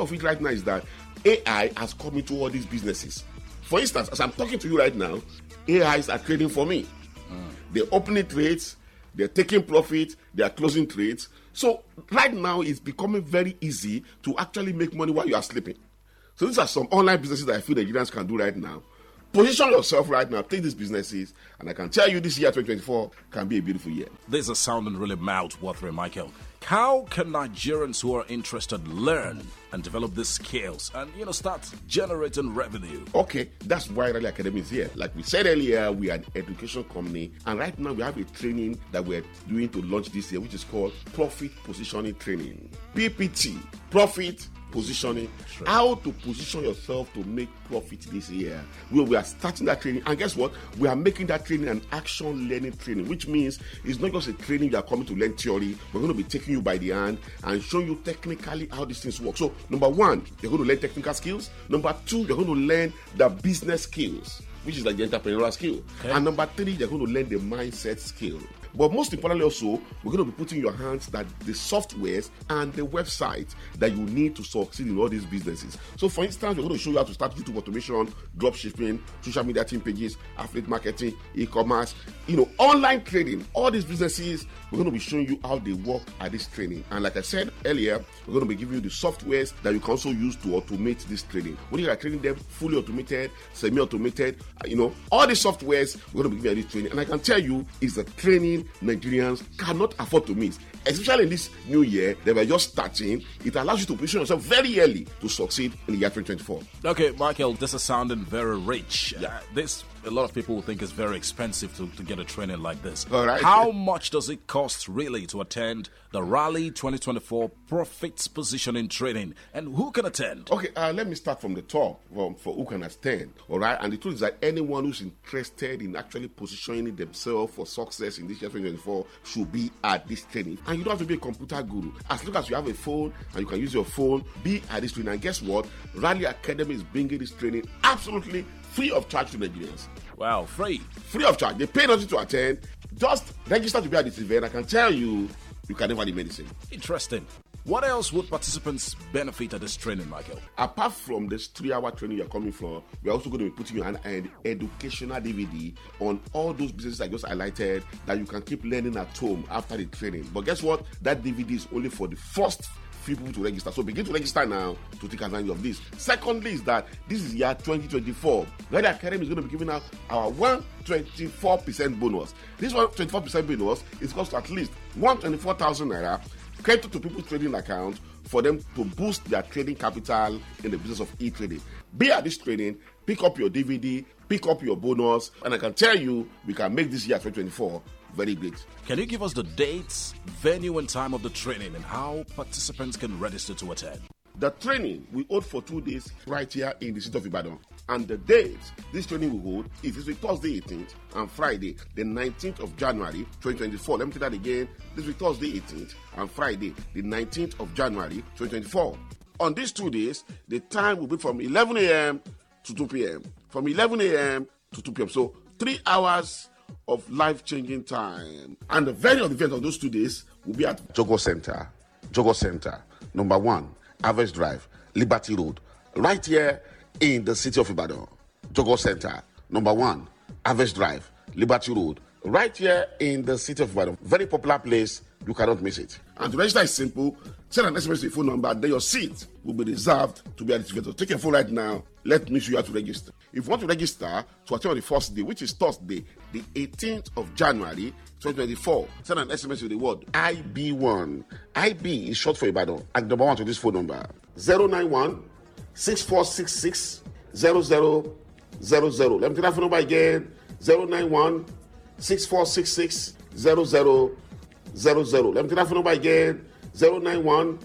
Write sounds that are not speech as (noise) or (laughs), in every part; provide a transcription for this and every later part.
of it right now is that AI has come into all these businesses. For instance, as I'm talking to you right now, AIs are trading for me. Mm. They're opening trades, they're taking profit, they're closing trades. So right now, it's becoming very easy to actually make money while you are sleeping. So these are some online businesses that I feel Nigerians can do right now. Position yourself right now, take these businesses, and I can tell you this year 2024 can be a beautiful year. This is sounding really mouth watering, Michael. How can Nigerians who are interested learn and develop these skills and you know start generating revenue? Okay, that's why Rally Academy is here. Like we said earlier, we are an education company, and right now we have a training that we're doing to launch this year, which is called Profit Positioning Training. PPT, Profit positioning, how to position yourself to make profit this year. We, we are starting that training, and guess what? We are making that training an action learning training, which means it's not just a training you are coming to learn theory. We're going to be taking you by the hand and showing you technically how these things work. So, number one, you're going to learn technical skills. Number two, you're going to learn the business skills, which is like the entrepreneurial skill. Okay. And number three, you're going to learn the mindset skill. But most importantly, also, we're going to be putting your hands that the softwares and the websites that you need to succeed in all these businesses. So, for instance, we're going to show you how to start YouTube automation, drop shipping, social media team pages, affiliate marketing, e commerce, you know, online trading, all these businesses. We're going to be showing you how they work at this training. And like I said earlier, we're going to be giving you the softwares that you can also use to automate this training. When you are training them fully automated, semi automated, you know, all the softwares, we're going to be giving you this training. And I can tell you, it's a training Nigerians cannot afford to miss. Especially in this new year, they were just starting. It allows you to position yourself very early to succeed in the year 2024. Okay, Michael, this is sounding very rich. Yeah. Uh, this a lot of people will think it's very expensive to, to get a training like this. How much does it cost really to attend the Rally 2024 Profits Positioning Training, and who can attend? Okay, uh, let me start from the top for who can attend. All right, and the truth is that anyone who's interested in actually positioning themselves for success in this year 2024 should be at this training. And you don't have to be a computer guru. As long as you have a phone and you can use your phone, be at this training. And guess what? Rally Academy is bringing this training absolutely free of charge to Nigerians. Wow, free. Free of charge. They pay nothing to attend. Just register to be at this event. I can tell you, you can never be medicine. Interesting. What else would participants benefit at this training, Michael? Apart from this three-hour training you're coming for, we're also going to be putting your hand an educational DVD on all those businesses I just highlighted that you can keep learning at home after the training. But guess what? That DVD is only for the first people to register. So begin to register now to take advantage of this. Secondly, is that this is year 2024. Red Academy is going to be giving out our 124% bonus. This 124% bonus is cost at least 124,000 naira credit to people's trading account for them to boost their trading capital in the business of e-trading. Be at this training, pick up your DVD, pick up your bonus, and I can tell you we can make this year 2024 Very great. Can you give us the dates, venue, and time of the training and how participants can register to attend? The training we hold for two days right here in the city of Ibadan. And the dates this training will hold is this week, Thursday 18th and Friday, the 19th of January 2024. Let me say that again. This week, Thursday 18th and Friday, the 19th of January 2024. On these two days, the time will be from 11 a.m. to 2 p.m. From 11 a.m. to 2 p.m. So three hours of life changing time. And the very event of those two days will be at Jogo Center, Jogo Center, number one, Average Drive, Liberty Road, right here in the city of Ibadan. Jogo Center, number one, Average Drive, Liberty Road, right here in the city of Ibadan. Very popular place. You cannot miss it. And to register is simple. Send an SMS to your phone number, then your seat will be reserved to be at this event. So take your phone right now. Let me show you how to register. If you want to register to attend on the first day, which is Thursday, the 18th of January 2024, send an SMS with the word IB1. IB is short for Ibadan. And number one to this phone number 091 Let me take that phone number again 091 Let me take that phone number again 091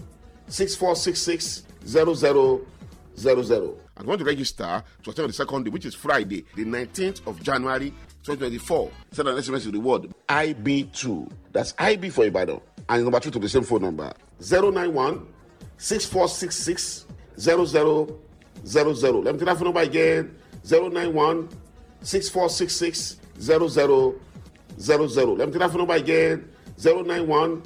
6466 0000. and want to register to attend on the second day, which is Friday, the 19th of January 2024, send an SMS to the word IB2. That's IB for Ibadan. And number two to the same phone number 091 Let me tell that phone number again 091 Let me tell that phone number again 091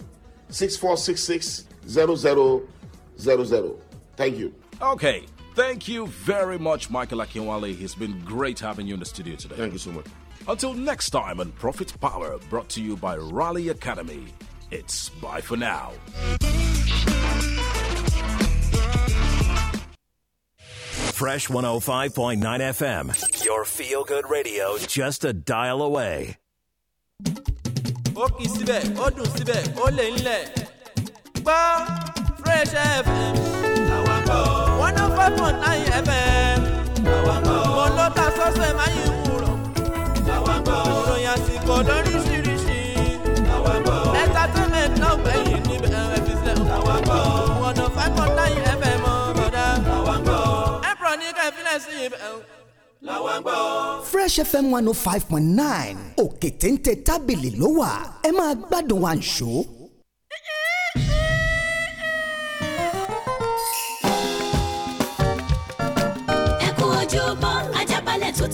Thank you. Okay. Thank you very much, Michael Akinwale. It's been great having you in the studio today. Thank you so much. Until next time on Profit Power, brought to you by Raleigh Academy. It's bye for now. Fresh 105.9 FM, your feel good radio, just a dial away. ó kì í síbẹ̀ ó ó lè lẹ̀ Fresh FM. one fm mo ló ta sọ́sẹ̀ máa yín wúrọ̀ one oh fresh fm one oh five point nine òkè téńté tábìlì ló wà ẹ máa gbádùn wa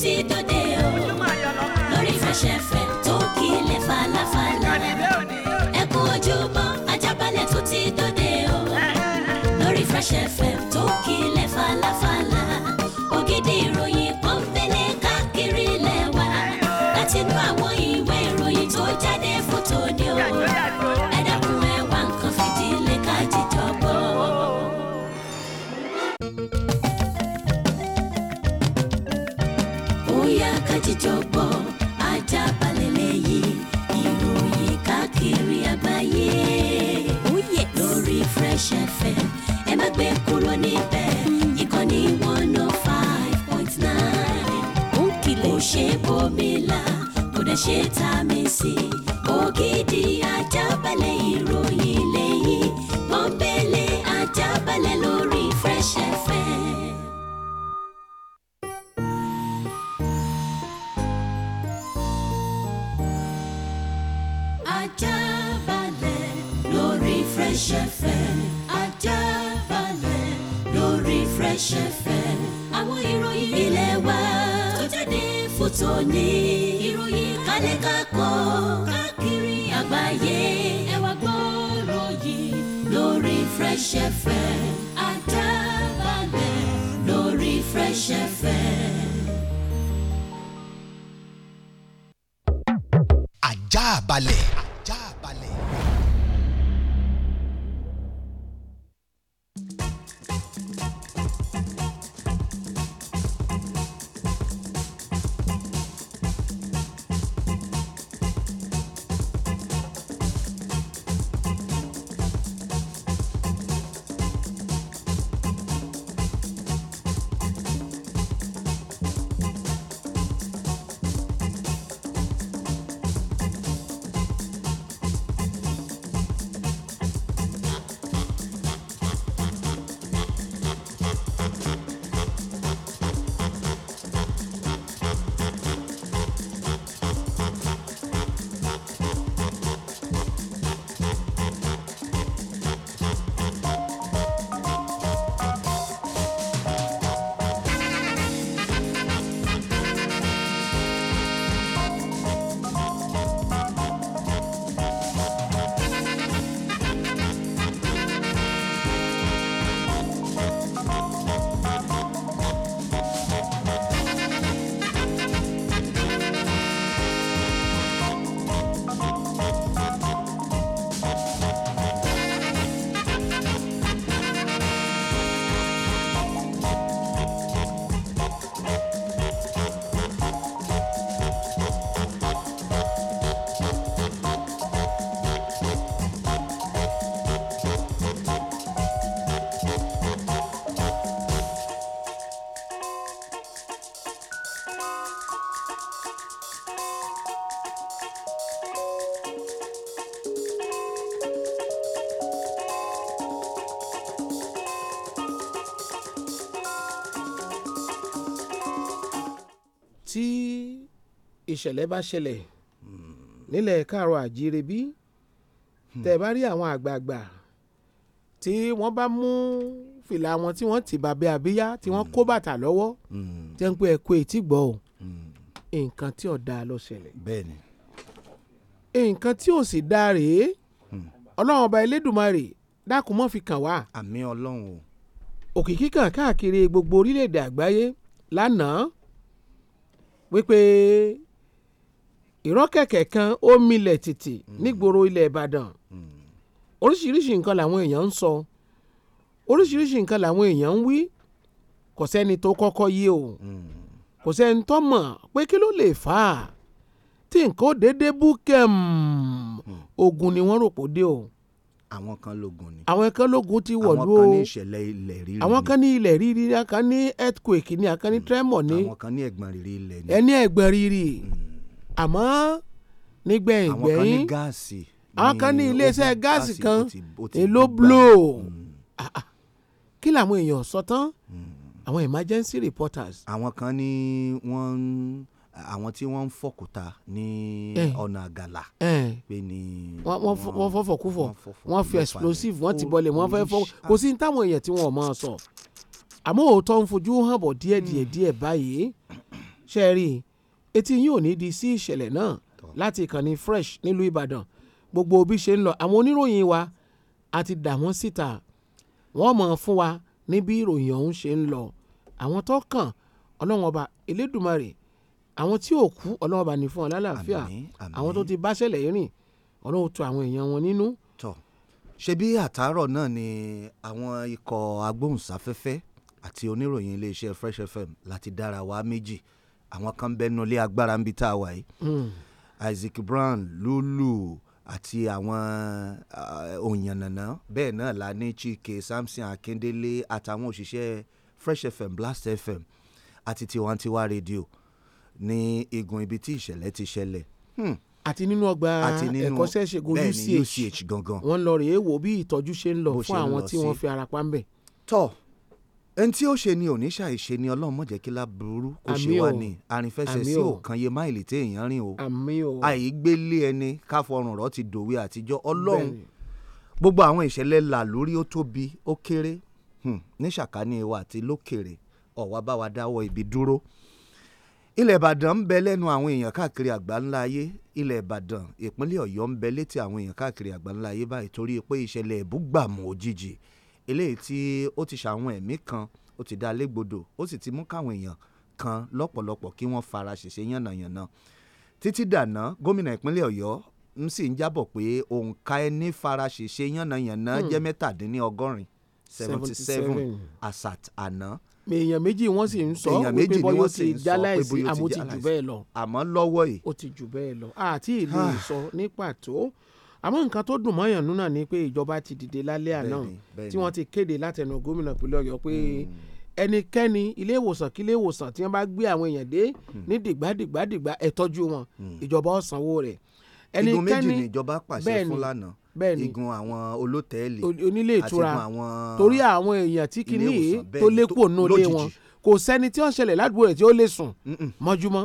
ti dòde o lórí fẹsẹ̀fẹ̀ tó kílẹ̀ falafala ẹ kú ojúmọ́ Ajaabale tó ti dòde o lórí fẹsẹ̀fẹ̀ tó kílẹ̀. níbẹ̀ ìkànnì one oh five point nine. ó kìlẹ̀ ó ṣe bòmílà kò dẹ̀ ṣe tá a mi sí. ògidì ajábalẹ̀ ìròyìn lẹ́yìn pọ́npẹ́lẹ́ ajábalẹ̀ lórí fresh air. tòní ìròyìn kálẹ̀ kákọ́ káàkiri àgbáyé ẹ wá gbọ́rọ̀ yìí lórí Fresh FM Àdábàgbẹ̀ lórí Fresh FM. àjà balẹ̀. ìṣẹ̀lẹ̀ bá ṣẹlẹ̀ hmm, nílẹ̀ káàrọ̀ àjíire bí hmm. tẹ́ ẹ bá rí àwọn àgbààgbà tí wọ́n bá mú fìlà wọn tí wọ́n ti bàbẹ́ àbíyá tí wọ́n kó hmm. bàtà lọ́wọ́ tẹ́ ń pé ẹ kó etí gbọ́ o nǹkan tí ò dáa ló ṣẹlẹ̀ bẹ́ẹ̀ni nǹkan tí ò sì dáa rèé ọlọ́run ọba elédùnmarè dákun fi kàn wá. àmín ọlọ́run o. òkìkí kan káàkiri gbogbo orílẹ̀-èdè àgbáyé lánàá wípé ìrọ́kẹ̀kẹ̀ kan ó milẹ̀ tìtì nígboro hmm. ilẹ̀ ìbàdàn hmm. oríṣiríṣi nǹkan làwọn èèyàn ń sọ oríṣiríṣi nǹkan làwọn èèyàn ń wí kò sẹ́ni tó kọ́kọ́ yé o hmm. kò sẹ́ni tó mọ̀ pé kí ló lè fà á tí nǹkan ó dédé bú kẹ́m ogun ni wọ́n rò pò dé o. àwọn kan lógun ni. àwọn kan lógun ti wọ̀lú o àwọn kan ní ìṣẹ̀lẹ̀ ilẹ̀ rírí ni. àwọn kan ní ilẹ̀ rírí ni a kan ní earthquake ni a kan ní tremor ni. àwọn kan ní ẹ̀gbọ̀n rírí ilẹ̀ ni. ẹni ẹ̀gbọ̀n rírí. Mm àmọ́ nígbẹ̀yìn gbẹ̀yìn àwọn kan ní iléeṣẹ́ gáàsì kan èló blo mm. ah, ah. kí làwọn èèyàn sọ tán mm. àwọn emergency reporters. àwọn kan ní wọ́n ń àwọn tí wọ́n ń fọ̀kúta ní ọ̀nà àgàlà. pé ní wọ́n fọ́fọ̀kúfọ̀ wọ́n fi explosive wọ́n ti bọ́lẹ̀ wọ́n fẹ́ fọ́ kò sí táwọn èèyàn tí wọ́n máa sọ. àmọ́ òótọ́ ń fojú hàn bọ̀ díẹ̀ díẹ̀ mm. díẹ̀ báyìí ṣe rí i etí yín ò ní di sí ìṣẹ̀lẹ̀ náà láti ìkànnì fresh nílùú ìbàdàn gbogbo bí ṣe ń lọ àwọn oníròyìn wa a ti dà wọ́n síta wọ́n mọ̀ fún wa ní bí ìròyìn ọ̀hún ṣe ń lọ àwọn tó kàn ọlọ́run ọba elédùmarè àwọn tí ò kú ọlọ́run ọba ní fún wọn lálàáfíà àwọn tó ti báṣẹ̀lẹ̀ rìn ọlọ́run tu àwọn èèyàn wọn nínú. ṣebí àtàárọ̀ náà ni àwọn ikọ̀ agbóhùnsáfẹ́fẹ́ àti oníròyìn iléeṣẹ́ fresh fm láti dára wa méjì àwọn kan bẹ́ẹ̀ nulẹ̀ agbára ń tá a wà yìí hmm. Isaac Brown Lulu àti àwọn uh, òyìnbó bẹ́ẹ̀ náà la ní Chike Samson Akindele àtàwọn òṣìṣẹ́ Fresh FM Blast FM àti tiwantiwa rédíò ní igun ibi tí ìṣẹ̀lẹ̀ ti ṣẹlẹ̀. Hmm àti nínú ọgbà ẹ̀kọ́ṣẹ́ ṣègùn UCH gangan wọ́n lọ rèé wò bí ìtọ́jú ṣe ń lọ fún àwọn tí wọ́n fi ara pa ń bẹ̀. tọ́ ẹni tí ó ṣe ni òní ṣàìṣe ni ọlọ́run mọ̀jẹ́ kí la burú kò ṣe wá ni àrìnfẹsẹ̀ sí òkan yé máìlì tí èèyàn rìn o àìgbélé ẹni káfọrùn rọ ti dòwe àtijọ́ ọlọ́run gbogbo àwọn ìṣẹ̀lẹ̀ là lórí ó tóbi ó kéré hmm, ní ṣàkání wa àti lókèrè ọ̀wá bá wa dáwọ́ ibi dúró ilẹ̀ ìbàdàn ń bẹ lẹ́nu àwọn èèyàn káàkiri àgbáńlá ayé ilẹ̀ ìbàdàn ìpínlẹ̀ ọ̀yọ́ ń bẹ létí àwọn èèyàn káàkiri àgbáńlá ayé báyìí torí pé ìṣẹ̀lẹ̀ ìbúgbàmù òjijì eléyìí tí ó ti ṣàwọn ẹ̀mí kan ó ti dá légbodò ó sì ti mú káwọn èèyàn kan lọ́pọ̀lọpọ̀ kí wọ́n fara ṣèṣe yànnàyànnà títí dàná gómìnà ìpínlẹ̀ ọ̀yọ́ ń sì ń jábọ̀ pé òǹkà ẹni fara ṣèṣe yànnàyànnà hmm. jẹ́ mẹ́tàdínlọ́gọ́rin seventy seven asat àná èèyàn méjì wọ́n sì ń sọ wípé bọ́yọ̀ ti jáláìsí àmọ́ ti jù bẹ́ẹ̀ lọ àmọ́ lọ́wọ́ yìí ó ti jù bẹ́ẹ̀ lọ àti ìlú ìsọ ah. ní pàtó àmọ́ nǹkan tó dùn mọ́yàn nínú náà ni pé ìjọba ti dìde lálẹ́ àná tí wọ́n ti kéde látẹnu gómìnà ìpínlẹ̀ ọ̀yọ́ pé hmm. ẹnikẹ́ni ilé ìwòsàn kí ilé ìwòsàn tí wọ́n bá gbé àwọn èèyàn dé hmm. ní dìgbàdìgbàdìgbà ẹ̀ wọn hmm. ìjọba ó rẹ̀ igun méjì ni ìjọba pàṣẹ fún lánàá bẹ́ẹ̀ni igun àwọn olótẹ́ẹ̀lì onílé ìtura torí àwọn èèyàn tí kìíní yìí tó lépo nù lé wọn kò sẹ́ni tí wọ́n ṣẹlẹ̀ ládùúgbò rẹ̀ tí ó lè sùn mọ́júmọ́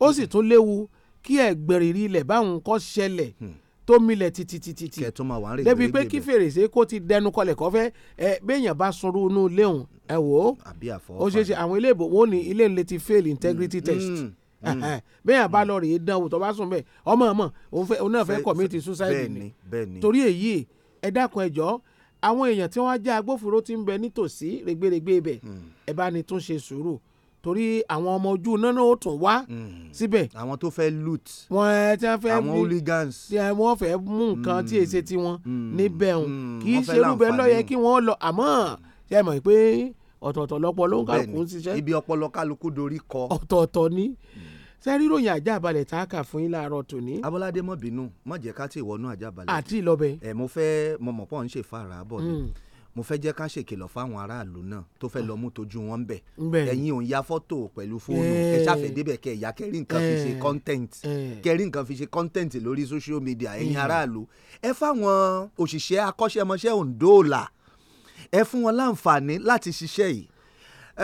ó sì tún léwu kí ẹ̀gbẹ̀rìrì ilẹ̀ báwọn kọ́ ṣẹlẹ̀ tó milẹ̀ titititi débi pé kí fèrèsé kó ti dẹnu kọlẹ̀ kọ́fẹ́ ẹ béèyàn bá sunrú inú ilé òun ẹ wò ó ó ṣeé ṣe àwọn ilé ìbò wọn ò ní ilé ìlẹ̀ ti fail integrity mm, test mm, (laughs) mm. béèyàn bá lọ rèé dánwò tó bá sùn bẹ́ẹ̀ ọmọ ọmọ òun náà fẹ́ commit suicide ni torí èyí ẹ dákun ẹ jọ̀ọ́ àwọn èèyàn tí wọ́n á jẹ́ agbófinró ti ń bẹ nítòsí rẹ̀gbẹ̀rẹ̀gbẹ̀ ibẹ̀ hmm. ẹ bá ní tún ṣe sùúrù torí àwọn ọmọ ojú iná náà ó tún wá hmm. síbẹ̀. àwọn tó fẹ́ loot. wọ́n ẹ eh, tí wọ́n fẹ́ mú àwọn hooligans. tí wọ́n fẹ́ mú nǹkan tí èsè hmm. tiwọn hmm. níbẹ̀ òun kì í ṣe irúbẹ̀ lọ́yẹ kí wọ́n lọ àmọ́ ṣe mọ̀ pé ọ̀tọ̀ọ̀tọ̀ lọ́pọ̀ ló ń kálukú ń ṣiṣẹ́. ibi ọpọlọ kálukú dorí kọ. ọ̀tọ̀ọ̀tọ̀ ni sẹ́rí ròyìn àjàbalẹ̀ tá a kà fún yín láàárọ̀ tòní. Abọ́ládé mọ̀ bínú mọ̀ jẹ́ ká tí ìwọ́nú àjàbalẹ̀. àti ìlọbẹ. ẹ eh, mo fẹ́ mo mọ̀ pọ̀ ṣe fara bọ̀ ni. Mm mo fẹ́ jẹ́ ká ṣèkìlọ̀ fáwọn aráàlú náà tó fẹ́ lọ mú tójú wọn bẹ̀ ẹ̀yin ò ń ya fọ́tò pẹ̀lú fóònù ẹ ṣàfẹ́débẹ̀ kẹ ìyá kẹrí nǹkan fi ṣe content kẹrí nǹkan fi ṣe content lórí social media ẹ̀yin aráàlú ẹ fáwọn òṣìṣẹ́ akọ́ṣẹ́mọṣẹ́ òǹdóòlà ẹ fún wọn láǹfààní láti ṣiṣẹ́ yìí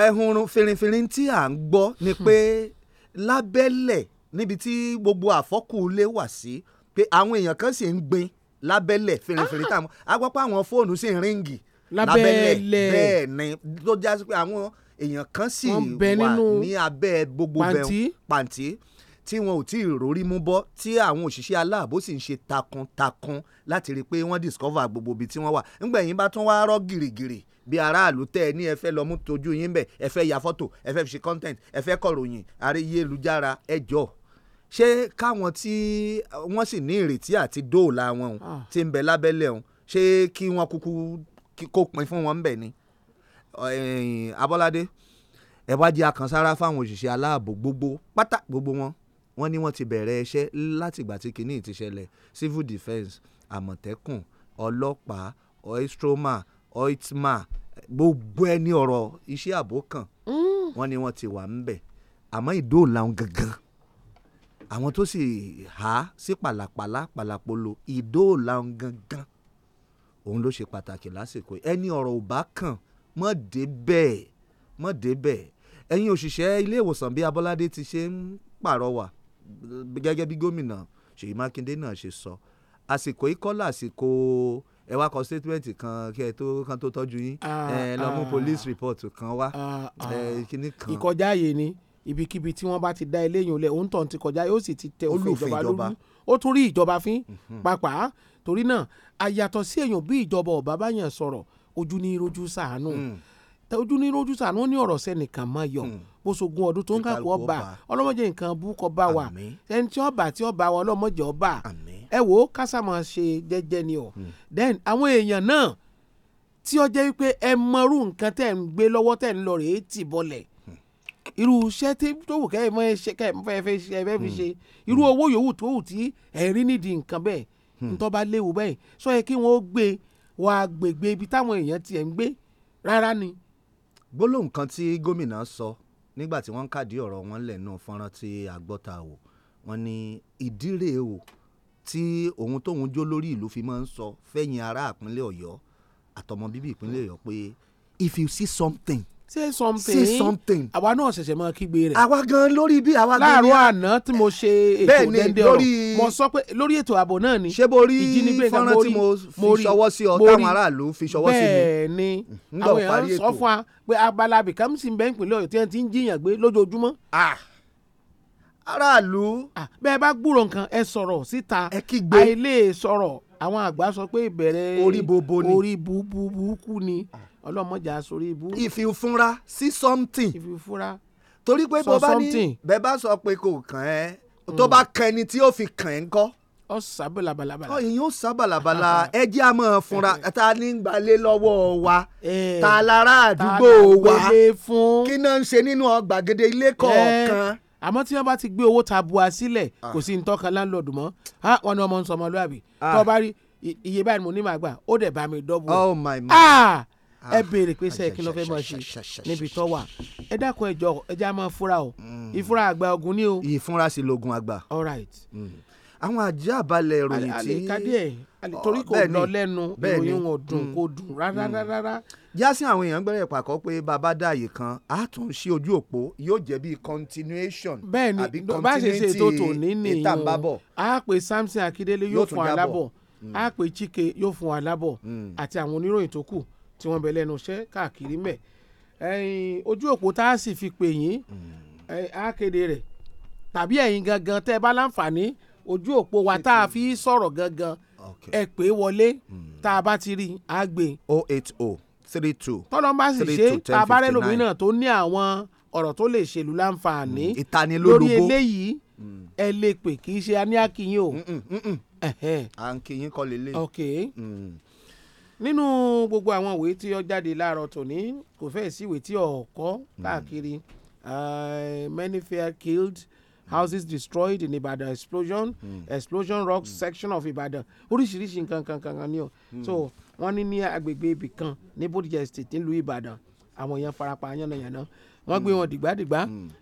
ẹ̀hùnrún fìrìfìrìn tí à ń gbọ́ ni pé lábẹ́lẹ̀ níbi tí gbogbo àfọ́kù ilé wà sí pé àwọn èèyàn kan sì ń gbin lábẹ́lẹ̀ fìrìfìrì ah! táwọn agbọ́pọ̀ àwọn fóònù sì ń ríǹgì lábẹ́lẹ̀ bẹ́ẹ̀ ni tó já sí pé àwọn èèyàn kan sì wà ní abẹ́ gbogbo bẹ́ẹ̀ pàǹtí tí wọn ò tí ì rórí mú bọ́ tí àwọn òṣìṣẹ́ aláàbò sì ń ṣe takuntakun láti rí i pé wọ́n discover gbogbo ibi tí wọ́n wà ńgbẹ̀yìn bá tún wá rọ́ gìrìgìrì bí aráàlú tẹ́ ẹ ní ẹ fẹ́ lọ mú tojú yín bẹ̀ ẹ fẹ́ ya fọ́tò ẹ fẹ́ fi ṣe content ẹ fẹ́ kọ̀ròyìn àríyélujára ẹ jọ ṣé káwọn tí wọ́n sì ní ìrètí àti dóòlà wọn ah. ti ń bẹ lábẹ́lẹ̀ wọn ṣé kí wọ́n kúkú kó pin fún wọn bẹ̀ ni Abọ́ládé ẹ wá jẹ́ akànsára fáwọn òṣìṣẹ́ aláàbò gbogbo pátá gbogbo wọn wọn ni wọ́n ti bẹ̀rẹ̀ iṣẹ́ látìgbà tí kinní ti ṣẹlẹ̀ civil defence àmọ̀tẹ́kùn ọlọ́pàá oistroma oitma gbogbo ẹni ọ̀rọ̀ iṣẹ́ ààbò kan mm. wọ́n ní wọ́n ti wà ń bẹ̀ àmọ́ ìdóòlà wọn gangan àwọn tó sì há sí pàlàpàlà pàlàpolo ìdóòlà wọn gangan òun ló ṣe pàtàkì lásìkò ẹni ọ̀rọ̀ ò bá kàn mọ́ dé bẹ́ẹ̀ mọ́ dé bẹ́ẹ̀ ẹ̀yin òṣìṣẹ́ ilé ìwòsàn bí Abọ́ládé ti ṣe ń pàrọwà gẹ́gẹ́ bí gómìnà Ṣèyí Mákindé náà ṣe sọ àsìkò ìkọ́lá àsìkò ẹ wá kọ statement kan kí ẹ tó kan tó tọ́jú yín ah, ẹ lọ mú ah. police report kan wá ah, ẹ kíní kan. ìkọjá ààyè ni ibikíbi tí wọ́n bá ti dá eléyìí olè òun tàn ti kọjá yóò sì ti tẹ òfin ìjọba lórí ó tún rí ìjọba fín mhm. pàápàá torí náà àyàtọ̀ sí èèyàn bí ìjọba ọ̀bá bá yàn sọ̀rọ̀ ojú ní rojú sàánú hmm. ojú ní rojú sàánú ó ní ọ̀rọ̀ sẹ́nìkan máa yọ bó hmm. ṣogún ọdún tó ń kàkó ọba ọlọ́mọdé nǹkan búkọ bá wa ẹni tí ọba tí ọba wa ọlọ́mọdé ọba ẹ wò ó kásámọ̀ ṣe jẹ́jẹ́ ni ọ̀ hmm. then àwọn èèyàn náà tí ó jẹ́ wípé ẹ mọrú nǹkan tẹ̀ ń gbé lọ́wọ́ tẹ̀ ń lọ rèé tì bọlẹ̀ irú iṣẹ́ tí tó wù kẹ́ ẹ mọ ẹ ṣe kẹ́ fẹ́ fi ṣe irú owó yòówù tó wù tí ẹ rí nídìí nǹkan bẹ́ẹ̀ Hmm. ntọ́ bá léwu bẹ́ẹ̀ sọ yẹ kí wọ́n gbé wọ agbègbè ibi táwọn èèyàn tiẹ̀ ń gbé rárá ni. gbólóhùn kan tí gómìnà sọ nígbà tí wọ́n ń kàdí ọ̀rọ̀ wọn lẹ́nu fọ́nrán tí àgbọ́ta wò wọ́n ní ìdí o tí òun tóun jó lórí ìlú fi máa ń sọ fẹ́yìn ará ìpínlẹ̀ ọ̀yọ́ àtọmọ bíbí ìpínlẹ̀ ọ̀yọ́ pé if you see something say something say something àwa náà ṣẹ̀ṣẹ̀ máa kígbe rẹ̀. àwa gan lórí bí àwa gan ní. láàárọ̀ àná tí mo ṣe ètò dẹ́ndé ọ̀rọ̀ mo sọ pé lórí ètò ààbò náà ni. ṣé mo rí fọ́nrán tí mo fi ṣọwọ́ sí ọ táwọn aráàlú fi ṣọwọ́ sí mi. bẹ́ẹ̀ ni àwọn èèyàn sọ fún wa pé abala abìkámù ń bẹ́ ìpínlẹ̀ ọ̀yọ́ tí wọ́n ti ń jiyàn gbé lójoojúmọ́. aráàlú. bẹ́ẹ̀ bá gbúrò nǹkan ẹ sọ̀rọ̀ síta ẹ kígbe àìlè sọ̀rọ̀ àwọn àgbà sọ pé ìbẹ̀rẹ̀ orí bobo bubu buku ni ọlọ́mọjà sórí ibú. if you fúnra sí something. if you fúnra torí pé bó bá ní bẹ́ẹ̀ bá sọ pé kò kàn ẹ́ mm. tó bá kàn ẹni tí yóò fi kàn ẹ́ ńkọ́. ọ sábà labalabala. ọ ìyẹn ó sábà labala ah, ah. ẹ jẹ́ a máa fúnra eh, eh. ta ní gbalẹ̀ lọ́wọ́ wa eh. ta lára àdúgbò wa kí náà ń ṣe nínú gbàgede ilé kọ̀ọ̀kan. àmọ́ tí wọ́n bá ti gbé owó tabua sílẹ̀ ah. kò sí ní láńlọ́ọ̀dù mọ́ wọn ni ọmọ ń sọmọlúàbí tó bá rí iye báyìí mo ní màá gbà ó dẹ̀ bá mi dọ́bù. oh my Ah! ẹ ah. béèrè pé sẹ́ẹ̀ kí ló fẹ́ máa ṣe níbi tó wà ẹ dákun ẹ jọ ẹ já máa fúra o hmm. ìfúra àgbà ogun ni o. ìfúnra sí lóògùn àgbà. all right. Hmm. àwọn ajá balẹ̀ ìròyìn tí àlìkadì ẹ̀ torí kò lọ lẹ́nu ìròyìn wọn dùn hmm. kò dùn rárá rárá. jásí àwọn èèyàn gbẹ́rẹ̀ pàkọ́ pé bàbá dààyè kan á tún ṣe ojú òpó yóò jẹ́ bíi continuation àbí continuity ìtàbábọ̀. a pè Samson Akindele yóò fún alábọ̀ a pè Chike yóò fún alábọ̀ àti àwọn oníròyìn tó kù tí wọ́n bẹ lẹ́nu iṣẹ́ káàkiri mẹ́ ojú òpó tá a sì fi pè yín á hmm. kéde rẹ̀ tàbí ẹ̀yin gangan tẹ́ ẹ bá láǹfààní ojú òpó wa tá a fi sọ̀rọ̀ gangan ẹ pè wọlé hmm. tá a bá ti rí i gbé. E. o oh eight o oh three two. tọ́lọ́ bá sì ṣe tá a bá rẹ́ lómi náà tó ní àwọn ọ̀rọ̀ tó lè ṣèlú láǹfààní hmm, lórí eléyìí ẹ lè pè kì í ṣe a o. à ń kìyìn kọ́ lélẹ̀ nínú gbogbo àwọn ìwé tí ó jáde láàárọ̀ tòní kò fẹ́ẹ̀ sí ìwé tí ọ̀ọ́kọ́ káàkiri eh, many fair killed houses destroyed in Ibadan explosion hmm. explosion rock hmm. section of Ibadan oríṣiríṣi nǹkan kan ni o hmm. so wọ́n ní ní agbègbè ibì kan ní Bodija state nílùú Ìbàdàn àwọn èèyàn farapa yánnayànna wọ́n gbé wọn dìgbàdìgbà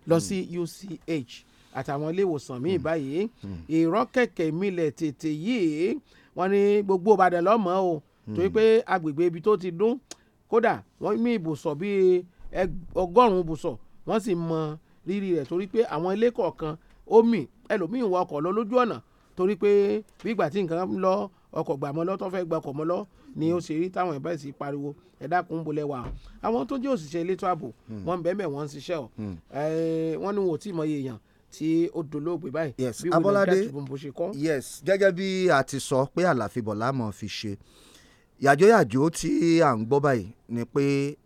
lọ sí UCH àtàwọn ilé ìwòsàn míì báyìí ìrọ́kẹ̀kẹ̀ milẹ̀ tètè yìí wọ́n ní gbogbo Ìbàdàn lọ́mọ́ o. Mm torí hmm. pé agbègbè ibi tó ti dún kódà wọ́n mí ibùsọ̀ bíi ọgọ́rùn-ún ibùsọ̀ wọ́n sì mọ rírì rẹ̀ torí pé àwọn ilé kọ̀ọ̀kan ó mì ẹlòmíì wọ ọkọ̀ lọ lójú ọ̀nà torí pé bí ìgbà tí nǹkan lọ ọkọ̀ gbà mọ́ lọ tó fẹ́ gba ọkọ̀ mọ́ lọ ni ó ṣe rí táwọn ẹ̀ báyìí sì pariwo ẹ dákun ń bolẹ̀ wà àwọn tó jẹ́ òṣìṣẹ́ elétò ààbò hmm. wọ́n ń bẹ́ẹ̀ wọ́n ń ṣiṣẹ́ ọ̀ hmm. wọ́n ní wọn ò tí ì mọ iye èèyàn tí ó dolóògbé báyìí bí wọn ní ká tìbùnbùn ṣe kọ́. yes Abọ́ládé yes gẹ́gẹ́ bí a ti sọ pé àlàfi bọ̀lá mọ̀ fi ṣe yàjóyàjó tí à ń gbọ́ báyìí ni pé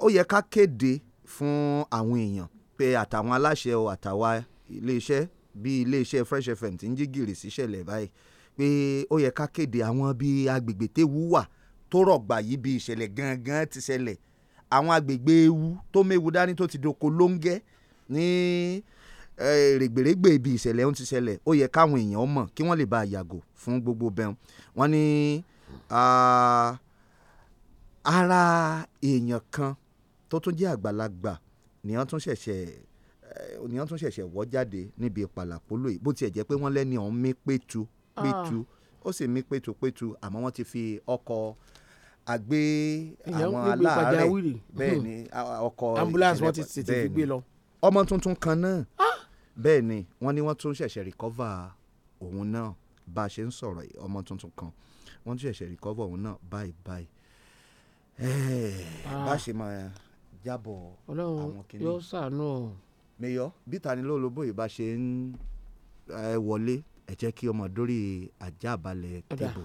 ó yẹ ká kéde fún àwọn èèyàn pé àtàwọn aláṣẹ o àtàwa iléeṣẹ́ bí iléeṣẹ́ Fresh FM ti ń jí gìrì síṣẹ̀lẹ̀ báyìí pé ó yẹ ká kéde àwọn bíi agbègbè téwu wà tó rọ̀gbà yìí bí ìṣẹ̀lẹ̀ gangan ti ṣẹlẹ̀ àwọn agbègbè ewu tó méwu dání tó ti doko lóńgẹ́ ní. Ni Eh, règbèrègbè ibi ìṣẹ̀lẹ̀ ohun tí ṣẹlẹ̀ ó yẹ káwọn èèyàn mọ̀ kí wọ́n lè bá a yàgò fún gbogbo bẹ́ẹ̀ wọ́n ní ara èèyàn kan tó tún jẹ́ àgbàlagbà ni wọ́n tún ṣẹ̀ṣẹ̀ eh, ni wọ́n tún ṣẹ̀ṣẹ̀ wọ́ jáde níbi ìpàlàpolò yìí bó tiẹ̀ jẹ́ pé wọ́n lẹ́ni ọ̀hún mí pétu pétu ó sì mí pétu pétu àmọ́ wọ́n ti fi ọkọ̀ àgbé àwọn aláàárẹ̀ bẹ́ẹ̀ ni hmm. ọkọ̀ ambulance wọ́n ti ti fi gbé lọ ọmọ tuntun kan náà bẹ́ẹ̀ ni wọ́n ní wọ́n tún ṣẹ̀ṣẹ̀ rìkọ́và òun náà bá a ṣe ń sọ̀rọ̀ ọmọ tuntun kan wọ́n tún ṣẹ̀ṣẹ̀ rìkọ́và òun náà báyìí báyìí bá a ah. ṣe máa jábọ̀ àwọn kìnìún yóò ṣàánú o. meyọ bí tanilólobó yìí bá ṣe ń wọlé ẹ jẹ́ kí ọmọ dórí ajá balẹ̀ tẹ́bù.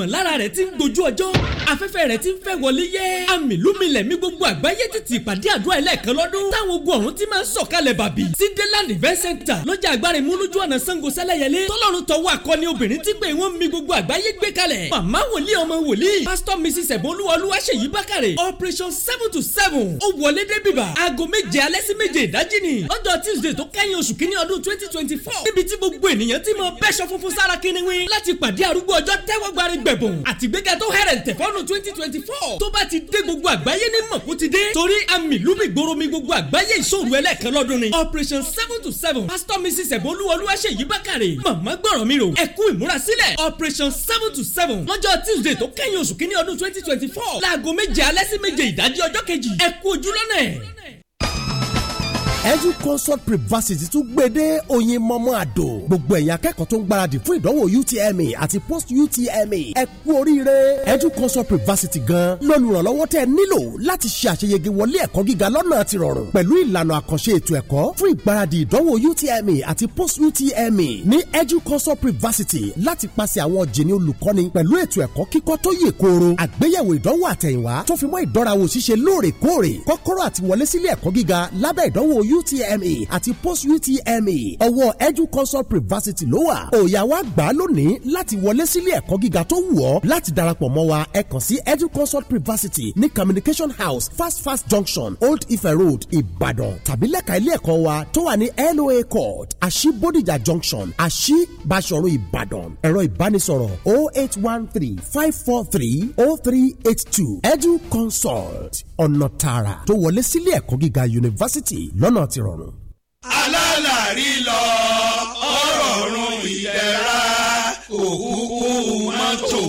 ìmọ̀lára rẹ̀ ti ń gbojú ọjọ́ afẹ́fẹ́ rẹ̀ ti ń fẹ́ wọlé yẹ́ amìlúmilẹ̀ mi gbogbo àgbáyé títí ìpàdé àdúrà ẹlẹ́ẹ̀kan lọ́dún táwọn ogun ọ̀run ti máa ń sọ̀kalẹ̀ bàbí sí deland event center lọ́jà agbára ìmúlójú ọ̀nà Ṣàngó Sẹ́lẹ̀yẹlé tọ́lọ́run tọwọ́ akọni obìnrin tí pé wọ́n mi gbogbo àgbáyé gbé kalẹ̀ màmá wòlíì ọmọ wòlíì pásítọ̀ mrs ẹ̀bọ́nlúwa olúwaṣèyí bákàrẹ̀ operation seven to seven ó wọlé dé bíbà aago méje alẹ́ tuesday tó kẹ́yìn oṣù kínní ọdún twenty twenty four níbi tí gbogbo ènìyàn ti mọ bẹ́ṣọ funfun sára kíniwín láti pàdé arúgbó ọjọ́ zero twenty twenty four tó bá ti dé gbogbo àgbáyé ní mọ̀kó ti dé torí àmì lùmí gbòòrò mi gbogbo àgbáyé ìṣòro ẹlẹ́ẹ̀kan lọ́dún ni operation seven to seven pastor mrs ẹ̀bọ́lúwọlúwa ṣèyí bákàrẹ̀ màmá gbọ́rọ̀ mi rò ẹ̀kú ìmúrasílẹ̀ operation seven to seven lọ́jọ́ tuesday tó kẹ́yìn oṣù kínní ọdún twenty twenty four láago méje alẹ́ sí méje ìdájí ọjọ́ kejì ẹ̀kú ojúlọ́nà ẹ̀ edu consult privacy tún gbèdé oyin mọ́mọ́ àdó gbogbo ẹ̀yin akẹ́kọ̀ọ́ tó ń gbáradì fún ìdánwò utme àti post utme ẹ kú oríire edu consult privacy gan lọ́lùrànlọ́wọ́ tẹ́ ẹ nílò láti ṣe àṣeyege wọlé ẹ̀kọ́ gíga lọ́nà àti rọrùn pẹ̀lú ìlànà àkànṣe ètò ẹ̀kọ́ fún ìgbáradì ìdánwò utme àti post utme ní edu consult privacy láti pàṣẹ àwọn jìnnì olùkọ́ni pẹ̀lú ètò ẹ̀kọ́ kíkọ́ tó yè kooro àgbéyẹ̀wò ìdánwò àtẹ̀yìnwá tó fi mọ́ ìdánrawò ṣíṣe lóòrèkóòrè kọ́kọ́rọ́ àti wọlé sílé ẹ̀kọ́ gíga lábẹ́ ìdánwò UTME àti post UTMA ọwọ́ educonsult privacity ló wà òòyà wa gbà á lónìí láti wọlé sílé ẹ̀kọ́ gíga tó wù ọ́ láti darapọ̀ mọ́ wa ẹ kàn sí educonsult privacity ní communication house fast fast junction old ife road Ibadan tàbí lẹ́ka ilé ẹ̀kọ́ wa tó wà ní LOA court àṣì Bódìjà junction àṣì Bàṣọ̀run Ìbàdàn ẹ̀rọ ìbánisọ̀rọ̀ 0813 543 0382 educonsult ọ̀nà tààrà tó wọlé sílé ẹ̀kọ́ gíga yunifásitì lọ́nà lọ́nà ti rọrùn. alálàrí lọ ọ̀rọ̀ run ìdẹ̀ra òkúkú mọ́tò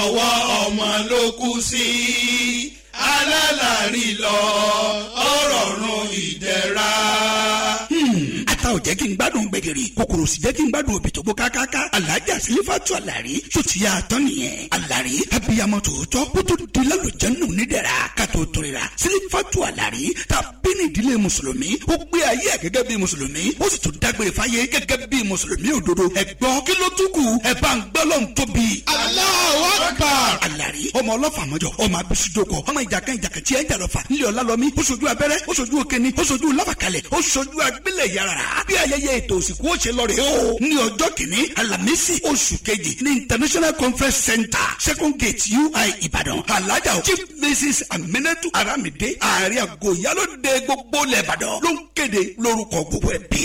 ọwọ́ ọmọ ló kú sí alálàrí lọ ọ̀rọ̀ run ìdẹ̀ra jẹ́ kí n gbádùn gbẹ̀gìrì kòkòrò sì jẹ́ kí n gbádùn òbí tó bó kákáká alájà sílífàtú àlàrí tó ti yá àtọ́ nìyẹn àlàrí abiyamọ tòótọ́ ó tó di lálùjẹ́nù nídẹ̀ra kàtó torira sílífàtú àlàrí ta bínú ìdílé mùsùlùmí ó gbé ayé ẹ̀ gẹ́gẹ́ bí mùsùlùmí ó sì tún dágbére fáyé gẹ́gẹ́ bí mùsùlùmí òdodo ẹ̀gbọ́n kí ló tún kù ẹ̀ bá ń gbọ́ lọ́n tóbi. Allahu Akbar. àlàrí ọmọ ọlọ́fà ayẹyẹ ètò òsìnkú òṣè lọ rèé o ní ọjọ́ kìíní alamisi oṣù kejì ní international conference center second gate ui ìbàdàn alájà chief mrs aminatu aramide ààrẹ àgọ́ ìyálòde gbogbo lẹ́bàdàn ló ń kéde lórúkọ gbogbo ẹbí.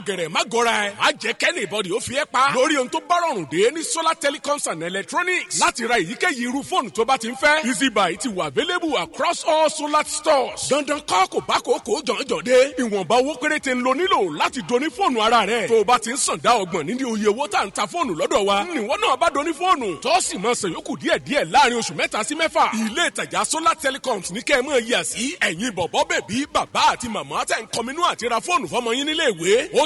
gẹ̀rẹ̀ má gọra ẹ̀ má jẹ́ kẹ́ni ìbọ̀dì ó fi ẹ́ pa lórí ohun tó bá rọrùn dé ní solar telecoms and electronics láti ra èyíkéyìí irú fóònù tó bá ti ń fẹ́ easy buy ti wà available across all solar stores dandan kọ́ kò bá kò kò jọ̀njọ̀ dé ìwọ̀nba owó péréte ń lo nílò láti doni fóònù ara rẹ̀ tó o bá ti ń sàn dá ọgbọ̀n nínú iye owó tá à ń ta fóònù lọ́dọ̀ wa níwọ̀n náà bá doni fóònù tó sì máa san yòókù díẹ̀díẹ̀ láàrin oṣù mẹ́ta sí mẹ́fà ilé ìtajà solar telecoms ní kẹ́ ẹ máa yà sí ẹ̀yin bọ̀bọ́ bèbí bàbá àti màmá tẹ̀ ń kọminú àti ra fóònù fọmọ yín nílé ó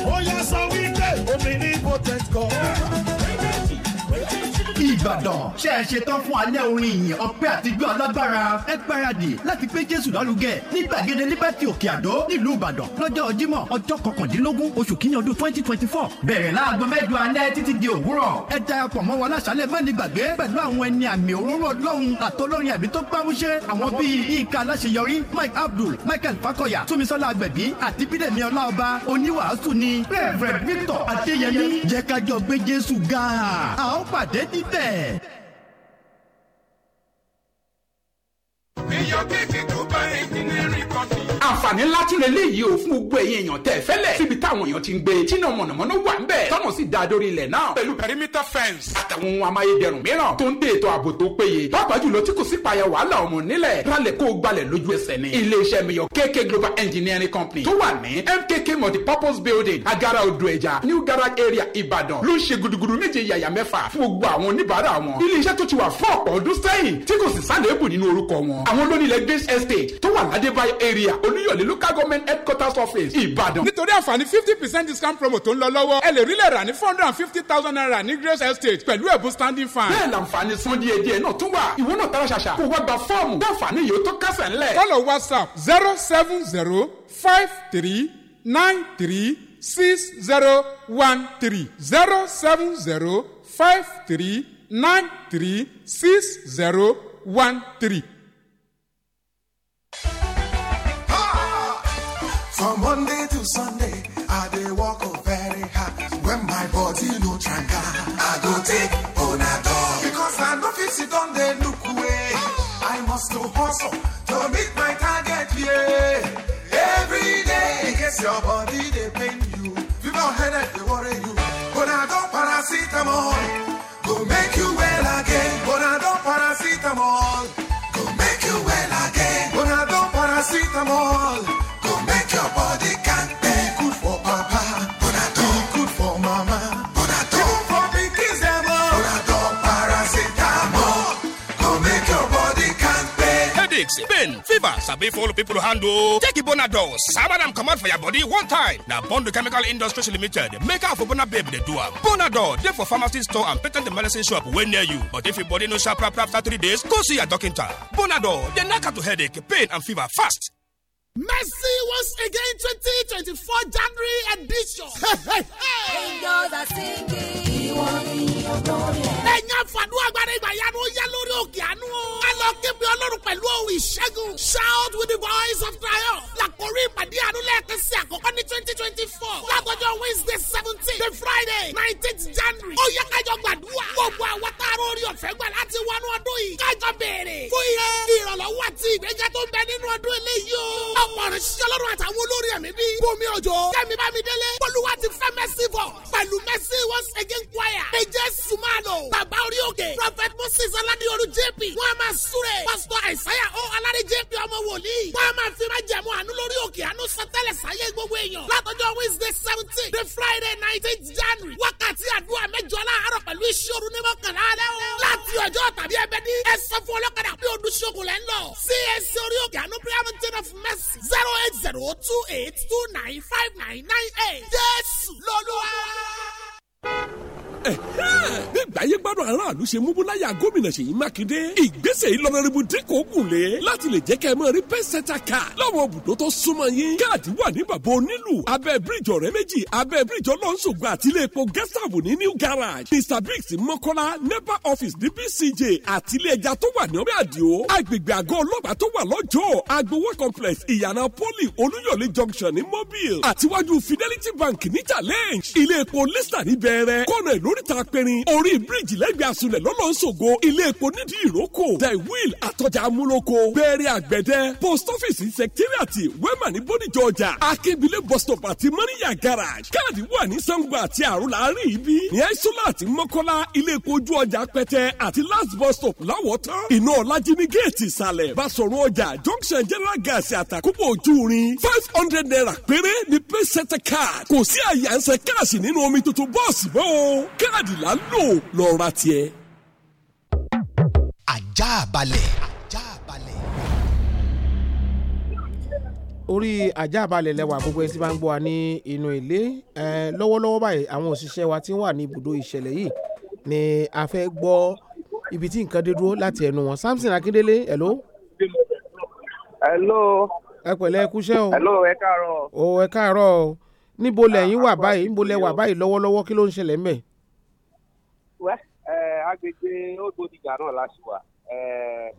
Oh yá sọ wípé omi ní potent kan. ìbàdàn ṣe é ṣe tán fún alẹ́ orin ìyìn ọpẹ́ àtijọ́ alágbára ẹ gbáradì láti gbé jésù lálùgẹ ní gbàgede liberty òkè àdó nílùú ìbàdàn lọ́jọ́ jímọ̀ ọjọ́ kọkàndínlógún oṣù kínní ọdún twenty twenty four bẹ̀rẹ̀ láago mẹ́jọ alẹ́ títí di òwúrọ̀ ẹ darapọ̀ mọ́ wa láṣálẹ̀ má ní gbàgbé pẹ̀lú àwọn ẹni àmì òróró ọlọ́run àtọlọ́rin àbí Yeah. àǹfààní ńlá tí relé yìí ò fún gbogbo ẹ̀yin èèyàn tẹ̀ fẹ́lẹ̀ síbi táwọn èèyàn ti ń gbé tí náà mọ̀nàmọ́ná wà ń bẹ̀ tọ́nà sì da dórí ilẹ̀ náà pẹ̀lú pẹ̀rímítà fẹ́ǹsì àtàwọn ohun amáyédẹrùn mìíràn tó ń dé ètò ààbò tó péye pàápàá jùlọ tí kò sí payà wàhálà ọmọ nílẹ̀ rálẹ̀ kó gbalẹ̀ lójú ẹsẹ̀ ni iléeṣẹ́ miyàn KK Global Engineering Company tó wà ní MKK Multipurpose Building agara odò ẹja New Garage Area Ibadan. ló ń ṣe gudugudu méje yàyà mẹ́fà fún gbogbo àwọn oníbàárà wọn iléeṣẹ́ tó ti wà fún ọ̀pọ̀ ọdún sẹ́yìn tí kò sì sálẹ̀ èbù nínú orúkọ wọn àwọn olónìlẹ̀ grace estate tó wà ládébáyé area olúyọ̀lé local government headquarters office ìbàdàn. nítorí àǹfààní fifty percent discount promo tó ń lọ lọ́wọ́ ẹ lè rí lẹ̀ ní four hundred and fifty thousand naira ní grace estate pẹ̀lú ẹ̀bùn standing fan. bẹ́ẹ̀ làǹfààní san díẹ̀ díẹ̀ náà tún wà ìwọ náà tara ṣàṣà kó wá gba fọ́ọ̀mù bẹ́ẹ̀ fàní yóò tó kásẹ̀ ńlẹ̀. kọ́lọ̀ whatsapp zero seven zero five three nine three six zero one three zero seven zero five three nine three six zero one three From Monday to Sunday, I dey walk up oh very hard. When my body no tranga, I go take dog. Because I no fit sit down dey look away. I must to hustle to meet my target, yeah. Every day, in case your body dey pain you, fever or headache dey worry you. Bonadol paracetamol go make you well again. Bonadol paracetamol go make you well again. Bonadol paracetamol. sabi for all people handle. Take Ibonadol, sabi them command for your body one time. Now Bondo Chemical Industries Limited, maker of Bonababe they do am. Bonadol dey for pharmacy store and patent The medicine shop when near you. But if your body no sharp after three days, go see your doctor. Bonadol They knack out headache, pain and fever fast. Mercy once again 2024 January edition. Hey, are singing. Ọlọ́run pẹ̀lú òwe ìṣẹ́gun. Shout with the voice of triumph. Làkórí ìpàdé àánú sí àkọ́kọ́ ní twenty twenty four. Lágbọ́jọ́ Wednesday seventeen to Friday 19 January. Ó yẹ kájọ gbàdúrà. Gbogbo àwọn táàrọ̀ orí ọ̀fẹ́ gbà láti wọnú ọdún yìí. Kájọ béèrè fún ire ìrànlọ́wọ́ àti ìgbéga tó ń bẹ nínú ọdún eléyìí o. àwọn ìránṣẹ́ ọlọ́run àtàwọn olórí ẹ̀mí bí. bomi ojo kẹ́mi bámidélé olúwa ti fẹ́ mẹ́sì bọ̀ pẹ̀lú mẹ́sì once again choir. ẹ̀jẹ̀ sumalo bàbá orí òkè prophet moses aládéoru jp wọ́n sure. máa súre pastor àìsáyà o aládé jp ọmọ wòlíì wọ́n a máa fi máa jẹ̀mú àánú lórí òkè àánú sọtẹ́lẹ̀ sáyé gbogbo èèyàn látọjọ́ wednesday seventeen the friday nineteenth january wákàtí àdúrà mẹ́jọ láàárọ̀ pẹ̀lú ìṣòro ní mọ́kànlá alẹ́ o láti ọjọ́ tàbí ẹbẹ ní ẹsẹ̀ fún ọlọ́kadà bí odùsókòlẹ́ ń lọ csc orí òkè àánú prayer mountain of mercy zero eight zero two eight two nine five nine nine eight jésù lọ́lọ́wọ́ bí gbàyé gbádùn aráàlú ṣe mú búláyà gómìnà Ṣèyí Mákindé ìgbésẹ̀ ìlọrẹ́rìbù dínkù ògùn lé láti lè jẹ́ kẹ́ ẹ mọ́ rí pẹ́sẹ́tà kà láwọn ibùdó tó súnmọ́ yín káàdì wà ní bàbá onílù abẹ́ bíríjì ọ̀rẹ́ méjì abẹ́ bíríjì ọlọ́nṣogbo àti ilé epo gẹ́sàbù ní new garage mr briggs mọ́kọ́lá nepa office ní bcj àti ilé ẹja tó wà ní ọbẹ̀ àdìo agbègbè àgọ́ ọlọ́pàá tó wà lọ́jọ́ agbowó complex ìyànà poli olúyọ̀lé junction ní mobile àtiwájú fidelity bank ní challenge ilé epo lista ní bẹ̀rẹ̀ kọ́nà ìlú lóríta apẹrin orí bíríìjì lẹ́gbẹ̀ẹ́ asunlẹ̀ lọ́lọ́sọ̀gọ ilé epo nídìí ìrókò the wheel àtọjà amúlòkọ bẹ̀rẹ̀ àgbẹ̀dẹ post office secretariat wema ní bódìjọ ọjà akébílẹ̀ bus stop àti mọ́níyà garage káàdì wà ní sango àti àrùn láàrin ibi ní aisola àti mọ́kọ́lá ilé epo ojú ọjà pẹtẹ àti last bus stop láwọ̀tán iná ọ̀làjì ní géètì ìsàlẹ̀ basọ̀rọ̀ ọjà junction general gas àtàkùbọ̀ ojú rin five hundred naira péré ní pẹ́sẹ́tẹ̀ card kò sí àyànṣe káàsì nínú omi tuntun bọ́ọ̀sì bọ́ọ̀ káàdì là ń tiẹ̀. ajá balẹ̀. orí ajá balẹ̀ lẹ́wà gbogbo ẹ̀ tí bá ń gbọ́ wa ní inú ilé lọ́wọ́lọ́wọ́ báyìí àwọn òṣìṣẹ́ wa ti ń wà ní ibùdó ìṣẹ̀lẹ̀ yìí ni a fẹ́ gbọ́ ibi tí nǹkan dé dúró láti ẹnu wọn Samson Akíndélé hello. hello. ẹ pẹ̀lẹ́ ẹ kúṣẹ́ o. hello ẹ káàárọ̀. o ẹ káàárọ̀ o níbo lẹ́yìn wà báyìí níbo lẹ wà báyìí lọ́wọ́lọ́wọ́ kí ló ń ṣẹlẹ̀ mẹ́ẹ̀ wẹ́ agbègbè old bodijà náà la ṣì wà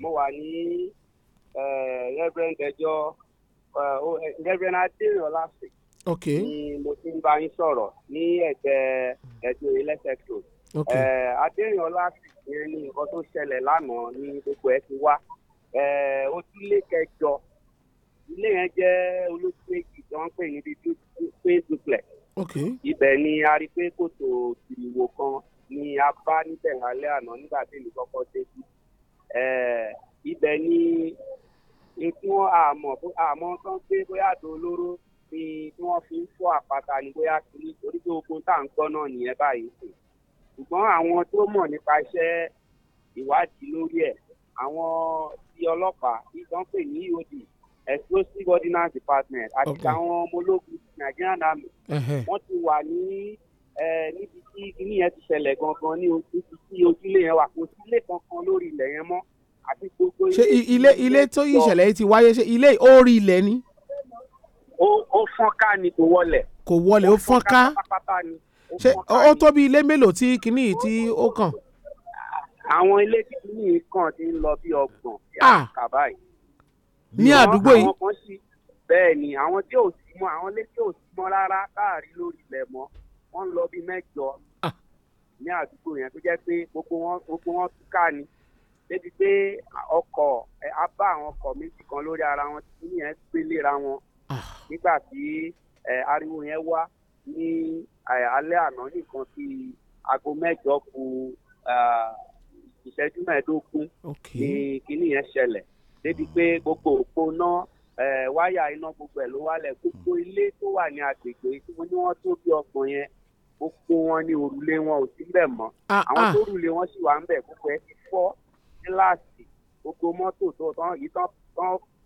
mo wà ní reverend ẹjọ́ reverend adéyọ̀ láti ni mo ti ń bá yín sọ̀rọ̀ ní ẹ̀gbẹ́ ẹ̀dùn electric road adéyọ̀ láti yẹn ní nǹkan tó ṣẹlẹ̀ lánàá ní gbogbo ẹ̀ ti wá ojúlé kẹjọ ilé yẹn jẹ́ olóṣù méjì tí wọ́n ń pè ní bíi duplex ibẹ̀ ni a rí pé kòtò ìwò kan ni a bá níbẹ̀ lálẹ́ àná nígbà tí èmi kọ́kọ́ dé sí eh, ibẹ̀ ni ikú àmọ́ àmọ́ tán gbé bóyá àdó olóró ni tí wọ́n fi ń fọ́ àpáta ni bóyá kiri torí pé ogun tá à ń gbọ́ náà nìyẹn báyìí sè ṣùgbọ́n àwọn tó mọ̀ nípa iṣẹ́ ìwádìí lórí ẹ̀ àwọn ti ọlọ́pàá ìtàn pè ní ìhòdì e explosive ordnance department àti àwọn ọmọ ológun Nigerian army wọ́n ti wà ní níbi tí kinní yẹn ti ṣẹlẹ̀ gangan ní ojú tí ojúlé yẹn wà kò sí ilé kankan lórí ilẹ̀ yẹn mọ́ àti gbogbo ilé. ṣé ilé ilé tó yí ìṣẹ̀lẹ̀ yìí ti wáyé ṣé ilé orí ilẹ̀ ni. ó ó fọ́n ni kò wọlé. kò wọlé ó fọ́n ṣé ó tó ilé mélòó tí kinní yìí tí ó kàn. àwọn ilé tí kinní yìí kàn ti ń lọ bí ọgbọ̀n ah! àkàbà yìí. ní àdúgbò yìí bẹ́ẹ̀ ni àwọn tí ò sí mọ́ àwọn ilé tí ò sí mọ́ rárá káàrí lórí ilẹ̀ mọ́ wọ́n ń lọ bíi mẹ́jọ ah. ní àdúgbò yẹn tó jẹ́ pé gbogbo wọn gbogbo wọn tú ká ni débi pé ọkọ̀ á bá àwọn ọkọ̀ méjì kan lórí ara wọn tí yẹn péléra wọn ah. nígbà tí ariwo yẹn wá ní alẹ́ àná nìkan sí aago mẹ́jọ kù ìṣẹ́jú mẹ́ẹ̀ẹ́dógún ni kinní yẹn ṣẹlẹ̀ débi pé gbogbo òpó náà wáyà iná gbogbo ẹ̀ ló wálẹ̀ gbogbo ilé tó wà ní agbègbè tí wọ́n tó bí ọgbọ̀n yẹn ó kó wọn ní òrùlé wọn ò sílẹ̀ mọ́ ah, ah. àwọn tó rùlé wọn sì wà ń bẹ̀ gbogbo ẹ ti fọ́ kíláàsì gbogbo mọ́tò tó tán yìí tán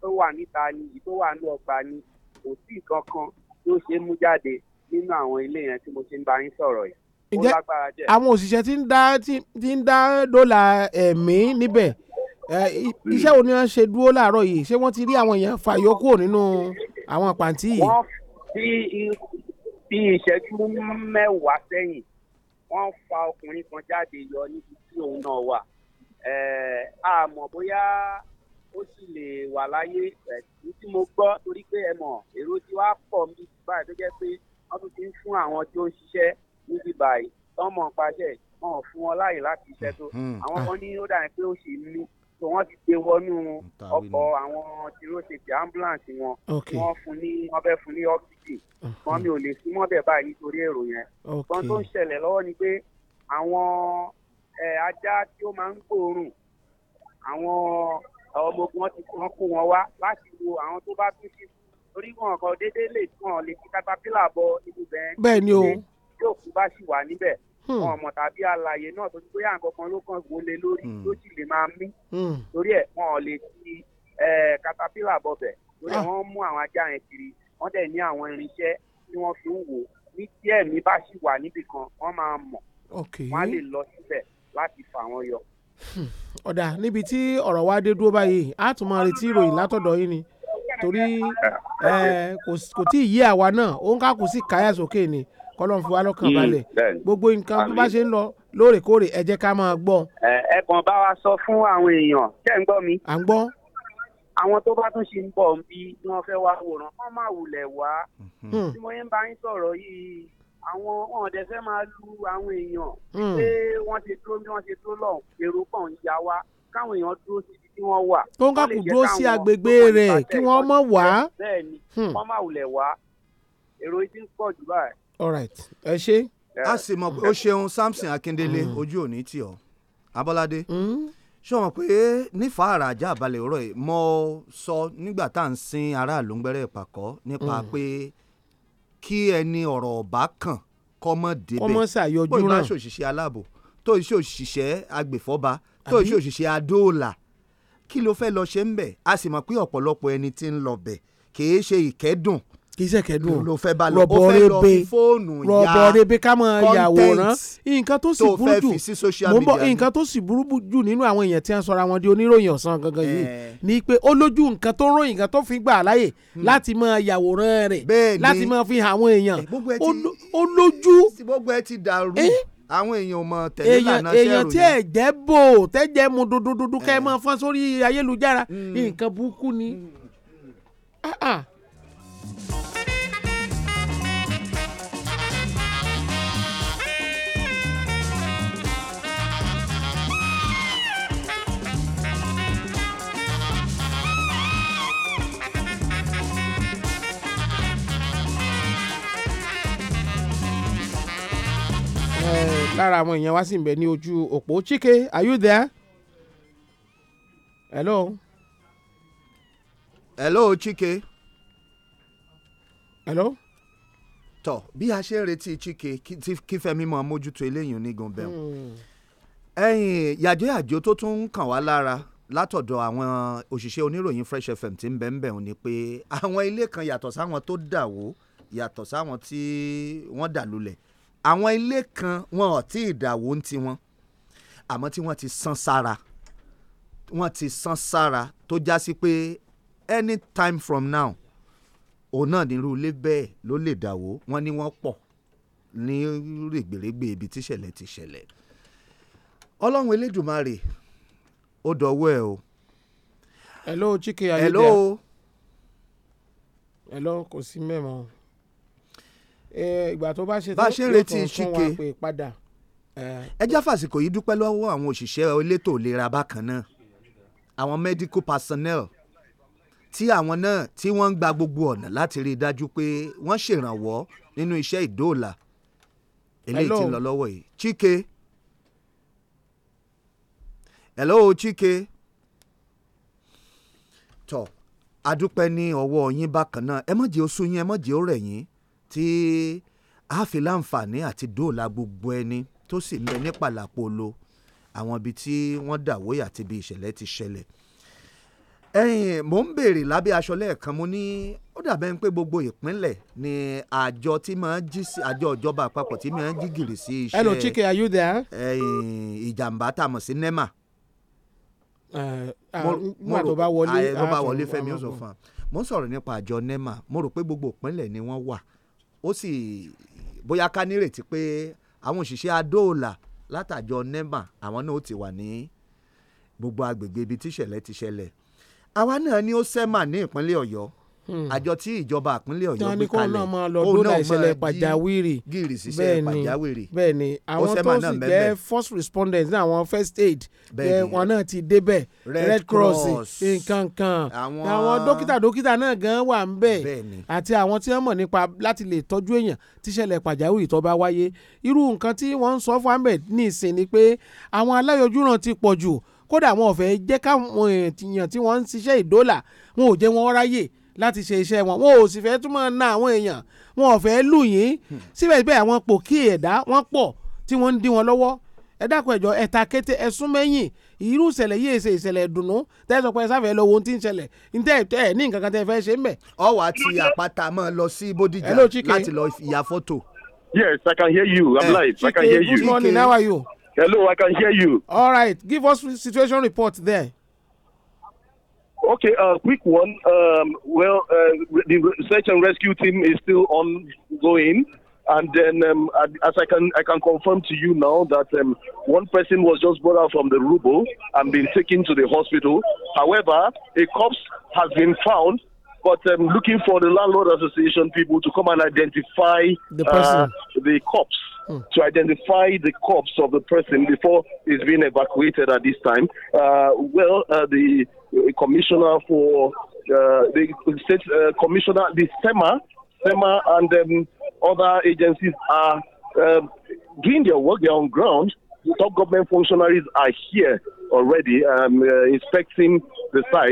tó wà níta ni yìí tó wà ní ọgbà ni kò sí kankan tí ó ṣe mú jáde nínú àwọn ilé yẹn tí mo ṣe ń bá yín sọ̀rọ̀ yìí ó lágbára jẹ́. àwọn òṣìṣẹ́ ti ń dá ti ń dá dọ́là ẹ̀mí níbẹ̀ iṣẹ́ wo ni wọ́n ṣe dúró láàárọ̀ yìí ṣé wọ́n ti rí àwọn èèyàn fàyọkúrò nínú àwọn pàǹtí yìí. wọ́n fi bí ìṣẹ́jú mẹ́wàá sẹ́yìn wọ́n fa ọkùnrin kan jáde yọ níbi tí òun náà wà àmọ́ bóyá ó sì lè wà láyé ẹ̀sìn tí mo gbọ́ torí pé ẹ mọ̀ èrò tí wàá pọ̀ mí báyìí tó jẹ́ pé wọ́n tún ti ń fún àwọn tí ó ń ṣiṣẹ́ níbi báyìí tọ́mọ̀ pàṣẹ wọn ò fún wọn láyè láti iṣẹ́ tó hmm, hmm. àwọn kan ní ó dà ní pé ó ṣì ń mí so wọ́n ti gbé wọnú ọkọ̀ àwọn tìróṣètì ambulance wọn wọ́n fún ní wọ́n fẹ́ fún ní oxygen wọ́n mi ò lè sí mọ́bẹ̀ báyìí nítorí èrò yẹn wọ́n tó ń ṣẹlẹ̀ lọ́wọ́ ni pé àwọn ajá tí ó máa ń gbòòrùn àwọn ọmọ ogun wọn ti wọn kó wọn wá láti wo àwọn tó bá tún sí torí wọn kàn déédéé lè tún ọ lè fi katapila bọ ibùbẹ bẹ́ẹ̀ ni o tí òkú bá sì wà níbẹ̀ Hmm. wọn mọ̀ tàbí àlàyé náà tó ti bóyá nǹkan kan ló kàn wọlé lórí ló hmm. sì lè máa mí hmm. torí ẹ̀ wọn ò lè fi katapila bọ̀bẹ̀ torí ah. wọn mú àwọn ajá yẹn kiri wọn dẹ̀ ní àwọn irinṣẹ́ tí wọ́n fi ń wò ní tí ẹ̀mí bá sì wà níbì kan wọ́n máa mọ̀ wọ́n á lè lọ síbẹ̀ láti fà wọ́n yọ. ọ̀dà níbi tí ọ̀rọ̀ wa dé dúró báyìí a tún máa retí ìròyìn látọ̀dọ̀ yín ni torí kò tí ì yé àwa náà òun kà kù sí káyà sókè ni kọ́lọ́n fún wa lọ́kàn hmm, balẹ̀ gbogbo nǹkan tó bá ṣe ń lọ lóòrèkóòrè ẹ jẹ́ ká máa gbọ́. ẹ kàn bá wa sọ fún àwọn èèyàn tẹ́ ń gbọ́ mi. à ń gbọ́. àwọn tó bá tún ṣe ń bọ̀ bí wọ́n fẹ́ wá wòran wọ́n máa wulẹ̀ wá. tí hmm. hmm. mo yẹn bá yín sọ̀rọ̀ yìí àwọn ọ̀dẹ fẹ́ máa lu àwọn èèyàn pé wọ́n ti dúró bí wọ́n ti dúró lọ èrò kan ń ya wa káwọn èèyàn dúró síbi tí wọ́n wà. tó ń kàkú dúró sí agbègbè rẹ̀ kí wọ́n mọ̀ wá. bẹ́ẹ̀ ni wọ́n máa wulẹ̀ wá èrò yìí ń pọ̀ jù báyìí alright ẹ ṣe. a sì mọ̀ pé o ṣeun Samson Akindele mm. ojú òní tì ọ́ Abọ́ládé mm. ṣé o mọ̀ pé nífa àràjà àbálẹ̀ òrọ̀ yìí mo sọ nígbà tá à ń sin aráàlú ń gbẹ́rẹ́ ìpàkọ́ nípa mm. pé kí ẹni ọ̀rọ̀ ọ̀bá kàn kọ́mọ débẹ̀ kọ́mọ ṣàyọjú náà bóyá ìbáṣe òṣìṣẹ́ aláàbò tó iṣẹ́ òṣìṣẹ́ agbèfọ́ba tó iṣẹ́ òṣìṣẹ́ adóòlà kí ló fẹ́ lọ ṣe ń bẹ̀ a sì mọ̀ pé ọ̀pọ̀lọpọ̀ ẹni tí ń lọ bẹ̀ kì í ṣe ìkẹ́dùn kì í ṣèkẹ́dùn o rọ̀bọ̀ rebe rọ̀bọ̀ rebe ká máa yàwòrán nǹkan tó sì burú jù mo ń bọ̀ nǹkan tó sì burú jù nínú àwọn èèyàn tí wọ́n sọra wọn di oníròyìn ọ̀sán gangan yìí eh. ni pé ó lójú nǹkan tó ròyìn nǹkan tó fi gbà láàyè hmm. láti máa yàwòrán rẹ̀ láti máa fi hàn àwọn èèyàn eh, ó lójú. gbogbo ẹ ti dàrú eh? àwọn èèyàn mọ tẹ̀lé lànà sẹ́rù èèyàn tí ẹ̀ jẹ́ bò tẹ́jẹ́ mu dúdúdúdú kẹ́ ẹ máa fọ́n sórí ayélujára hmm. nǹkan burúkú ni. Hmm. Ah ah. lára àwọn èèyàn wá sí ibẹ̀ ní ojú òpó Chike are you there? hello. hello Chike. hello. tọ bí a ṣe ń retí Chike kí Fẹ́mi mọ mójútó eléyìí onígun bẹ́ẹ̀ hmm. ẹ̀yìn yàjóyàjó tó tún ń kàn wá lára látọ̀dọ̀ àwọn òṣìṣẹ́ oníròyìn Fresh FM tí ń bẹ̀ ń bẹ̀ wọ́n ni pé àwọn ilé kan yàtọ̀ sáwọn tó dà wó yàtọ̀ sáwọn tí wọ́n dà lulẹ̀ àwọn ilé kan wọn ò tí ì dàwó ń tiwọn àmọ́ tí wọ́n ti san sára wọ́n ti san sára tó já sí pé anytime from now òun náà nírú ilé bẹ́ẹ̀ ló lè dàwó wọ́n ní wọ́n pọ̀ ní règbèrègbè ibi tíṣẹ̀lẹ̀ ti ọlọ́run elédùmarè ó dọ̀wọ́ ẹ o. hello Chike ayédè hello. hello kò sí mẹ́mọ́ ìgbà tó bá ṣe tó ló tún fún wa pé padà. ẹ já fàsìkò yìí dúpẹ́ lọ́wọ́ àwọn òṣìṣẹ́ elétò ìlera bákan náà àwọn medical personnel tí àwọn náà tí wọ́n ń gba gbogbo ọ̀nà láti rí i dájú pé wọ́n ṣèrànwọ́ nínú iṣẹ́ ìdóòlà eléyìí tí lọ lọ́wọ́ yìí Chike hello Chike tọ́ adúpẹ́ ní ọwọ́ yín bákan náà ẹ má jẹ́ ó sú yín ẹ má jẹ́ ó rẹ̀ yín tí a fi láǹfààní àti dóòlà gbogbo ẹni tó sì ń bẹ ní pàlàpolo àwọn ibi tí wọ́n dàwóyè àti ibi ìṣẹ̀lẹ̀ ti ṣẹlẹ̀ ẹ̀yin mò ń béèrè lábẹ́ aṣọ lẹ́ẹ̀kan mo ní ó dàbẹ́ pé gbogbo ìpínlẹ̀ ni àjọ tí máa ń jí sí àjọ ìjọba àpapọ̀ tí máa ń jí gìrì sí iṣẹ́ hello Chike are you there? ìjàmbá tá a mọ̀ sí NEMA. nígbà tó bá wọlé fẹ́mi mo ń sọ̀rọ̀ nípa àjọ mo rò pé gbogbo ìpínlẹ̀ ni wọ́n wà ó sì bóyá ká nírètí pé àwọn òṣìṣẹ́ adóòlà látàjọ NEMA àwọn náà ó ti wà ní gbogbo agbègbè ibi tíṣẹ̀lẹ̀ ti àwa náà ni ó sẹ́mà ní ìpínlẹ̀ Ọ̀yọ́ Hmm. àjọ tí ìjọba ìpínlẹ̀ ọ̀yọ́ gbé kalẹ̀ ó náà máa ṣẹlẹ̀ pàjáwìrì gírì ṣiṣẹ́ pàjáwìrì bẹ́ẹ̀ni àwọn tó sì jẹ́ first responders náà àwọn first aid wọn náà ti débẹ̀ red cross nkankan àwọn dókítà dókítà náà gan wà ń bẹ̀ àti àwọn tí wọ́n mọ̀ nípa láti lè tọ́jú èèyàn tíṣẹ̀lẹ̀ pàjáwìrì tó bá wáyé irú nǹkan tí wọ́n ń sọ fún ahmed ní ìsìn ni pé àwọn aláyọjúràn ti pọ̀ jù kódà wọn ò fẹ́ jẹ́ káwọn èèyàn tí wọ́n ń ṣiṣẹ́ ìdólà wọn ò jẹ́ wọn ráyè láti ṣe iṣẹ́ wọn wọn ò sì fẹ́ tún na àwọn èèyàn wọn ò fẹ́ lù yín hmm. síbẹ̀síbẹ̀ àwọn pòkí ẹ̀dá wọn pọ̀ tí wọ́n ń dí wọn lọ́wọ́ ẹ dákun ẹ̀jọ̀ ẹ̀ta kété ẹ̀sùn mẹ́yìn irú ìṣẹ̀lẹ̀ yìí ṣe ìṣẹ̀lẹ̀ ìdùnnú tẹ́sán pé sáfẹ́ lọ ohun tí ń ṣẹlẹ̀ ntẹ́ ẹ̀ ní nǹkan kan tẹ́ fẹ́ ṣe ń bẹ̀. ọwọ́ àti àpáta máa lọ sí Bódìjà láti lọ ìyá fọ́tò. Yes, I can hear you. I'm eh, live. I can hear you. Good morning. How are you? Hello, I can hear you. All right. Give us situation report there. Okay, a uh, quick one. Um, well, uh, the search and rescue team is still ongoing, and then um, as I can I can confirm to you now that um, one person was just brought out from the rubble and been taken to the hospital. However, a corpse has been found. But I'm um, looking for the landlord association people to come and identify the, person. Uh, the corpse hmm. to identify the corpse of the person before it's being evacuated at this time. Uh, well, uh, the commissioner for uh, the state uh, commissioner, the SEMA, SEMA and um, other agencies are um, doing their work. They're on ground. Top government functionaries are here already um, uh, inspecting the site.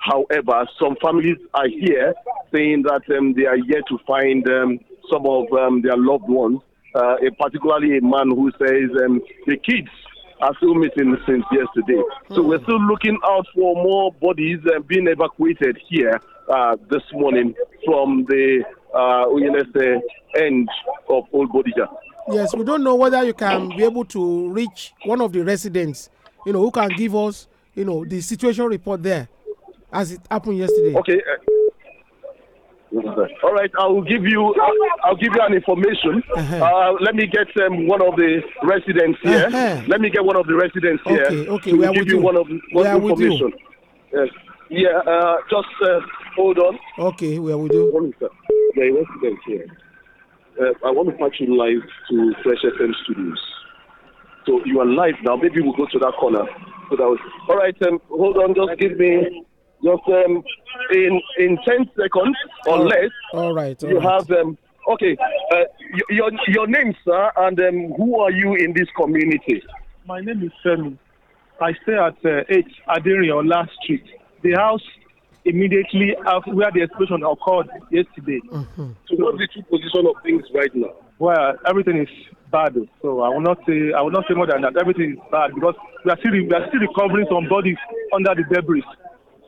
However, some families are here saying that um, they are yet to find um, some of um, their loved ones, uh, particularly a man who says um, the kids are still missing since yesterday. So we're still looking out for more bodies uh, being evacuated here uh, this morning from the uh, UNSA uh, end of Old Bodija. Yes, we don't know whether you can be able to reach one of the residents, you know, who can give us, you know, the situation report there as it happened yesterday. Okay. Uh, All right, I will give you. I'll give you an information. Uh-huh. Uh, let me get um, one of the residents here. Uh-huh. Let me get one of the residents okay, here. Okay, we'll give you, you one of one information. Yes. Yeah. Uh, just uh, hold on. Okay, where would you? One second. There is resident here. Uh, I want to patch you live to Fresh FM Studios. So you are live now. Maybe we'll go to that corner. So that was all right. Um, hold on. Just give me. just um, in in ten seconds or all less. All right. All you right. have um, okay. Uh, your your name, sir, and um, who are you in this community? My name is Femi. I stay at uh, 8 Adirian last street. The house immediately after where the explosion occurred yesterday. Mm-hmm. So what's the true position of things right now? Well, everything is bad. So I will not say I will not say more than that. Everything is bad because we are still we are still recovering some bodies under the debris.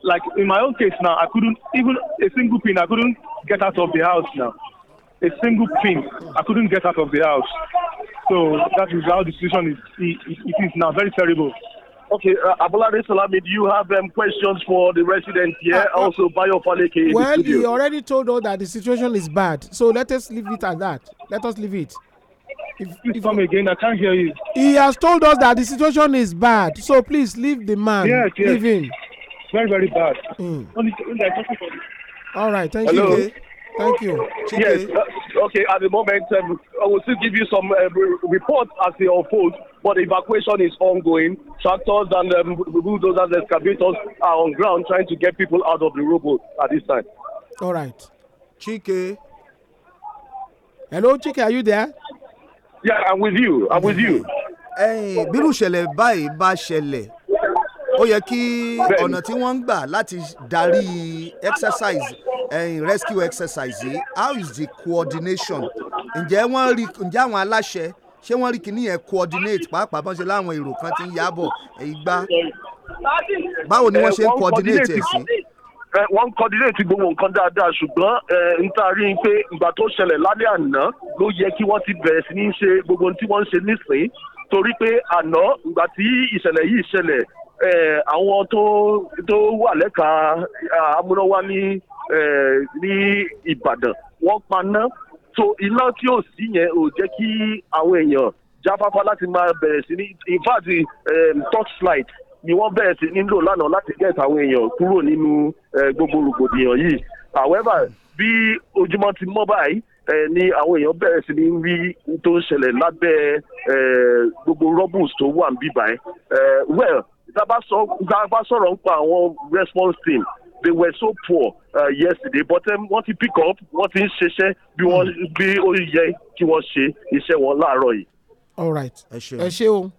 like in my own case now, I couldn't even a single pin. I couldn't get out of the house now. A single pin. I couldn't get out of the house. So that is how the situation is. It, it is now very terrible. Okay, uh, Abolade Salami, do you have um, questions for the residents here? Uh, uh, also, Bayo Faleke. Well, you already told us that the situation is bad. So let us leave it at that. Let us leave it. If, please if come again. I can't hear you. He has told us that the situation is bad. So please leave the man. Yes, yes. Leave him. very very bad. Mm. all right thank Hello. you. Hello, Thank you. Chike. Yes. Uh, okay. At the moment, um, I will still give you some uh, re reports as they unfold. But evacuation is ongoing. Tractors and um, bulldozers, excavators are on ground trying to get people out of the rubble at this time. All right, Chike. Hello, Chike. Are you there? Yeah, I'm with you. I'm with you. Hey, bírú ṣẹlẹ̀ báyìí bá ṣẹlẹ̀ ó yẹ kí ọ̀nà tí wọ́n ń gbà láti darí exercise ẹ̀yìn eh, rescue exercise how is the coordination ǹjẹ́ wọ́n rí ǹjẹ́ àwọn aláṣẹ ṣé wọ́n rí kíní yẹn coordinate pàápàá bọ́n ṣe láwọn èrò kan ti ń yábọ̀ ìgbà báwo ni wọ́n ṣe ń coordinate ẹ̀ sí eh, wọ́n coordinate gbogbo nǹkan dáadáa ṣùgbọ́n eh, n ta rí i pé ìgbà tó ṣẹlẹ̀ lálẹ́ àná ló yẹ kí wọ́n ti bẹ̀rẹ̀ sí ní ṣe gbogbo ohun tí wọ́n ń ṣe nísìnyí torí pé àná ìgbà tí ìṣẹ̀lẹ̀ yìí ṣẹlẹ̀ àwọn tó tó wà lẹ́ka amúnáwá ní ní Ìbàdàn wọ́n paná so iná tí ò sí yẹn ò jẹ́ kí àwọn èèyàn jáfáfá láti máa bẹ̀rẹ̀ sí ní in fact torchlight ni wọ́n bẹ̀rẹ̀ sí nílò lánàá láti get àwọn èèyàn kúrò nínú gbogbo rògbòdìyàn yìí however bí ojúmọ́ ti mọ́ báyìí ni àwọn èèyàn bẹ̀rẹ̀ sí ní rí tó ń ṣẹlẹ̀ lábẹ́ gbogbo rubbles tó wà ń bíbáyìí well tá a bá sọ̀rọ̀ àwọn response team they were so poor uh, yesterday but um, wọ́n ti pick up wọ́n ti ń ṣiṣẹ́ bí wọ́n bí ó yẹ kí wọ́n ṣe iṣẹ́ wọn láàárọ̀ yìí. all right ẹ ṣé o.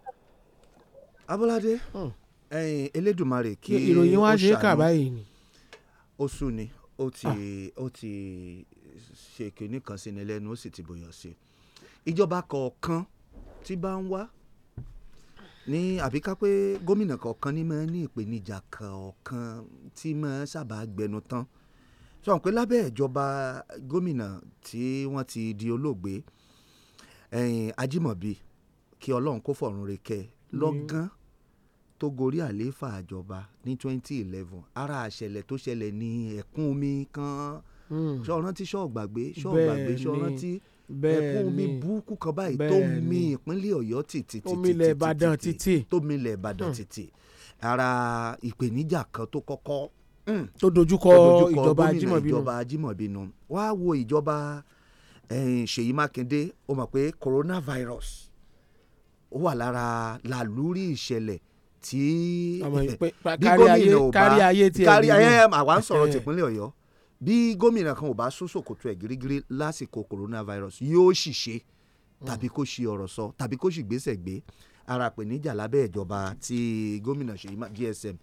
Abọ́ládé hmm, ẹyin Elédùmarè kí ó ṣàánú ìròyìn wa ṣe kà báyìí ni. oṣù ni ó ti ah. ó ti ṣe kìnnìkan sí ni lẹ́nu ó sì ti bòyàn sí ìjọba kọ̀ọ̀kan tí bá ń wá ní àbí ká pé gómìnà kọ̀ọ̀kan ní máa ń ní ìpèníjà kọ̀ọ̀kan tí máa sábà gbẹnu tán sọ pé lábẹ́ ìjọba gómìnà tí wọ́n ti di olóògbé Ajímọ̀bí kí Ọlọ́run kó fọ̀run rẹ̀ kẹ́ lọ́gán tó gorí àlééfà ìjọba ní 2011 ara àṣẹlẹ̀ tó ṣẹlẹ̀ ní ẹ̀kún omi kan hmm. ṣọ́ọ̀rántí ṣọ́ọ̀gbàgbé ṣọ́ọ̀gbàgbé ṣọ́ọ̀rántí. bẹ́ẹ̀ ni ẹ̀kún omi burúkú kan báyìí tó mi ìpínlẹ̀ Ọ̀yọ́ títí omi ilẹ̀ Ìbàdàn títí tómi hmm. ilẹ̀ Ìbàdàn títí ara ìpèníjà kan tó kọ́kọ́ hmm. tó dojúkọ ìjọba Ajímọ̀bí nu ìjọba Ajímọ̀bí nu wá wo ìjọba Ṣèyí Mákindé ó mọ̀ pé coronavirus ó wà lára làlúrí ìṣẹ̀lẹ̀ tí (laughs) bí gómìnà ò bá kárí ayé tí ẹ bí mú àwa ń sọ̀rọ̀ tìpínlẹ̀ Ọ̀yọ́ bí gómìnà kan ò bá sún ṣòkòtò ẹ̀ gírígírí lásìkò coronavirus yóò sì ṣe tàbí mm. kó ṣe ọ̀rọ̀ sọ tàbí kó sì gbésẹ̀ gbé ara ìpèníjà lábẹ́ ìjọba ti gómìnà Ṣèyí GSM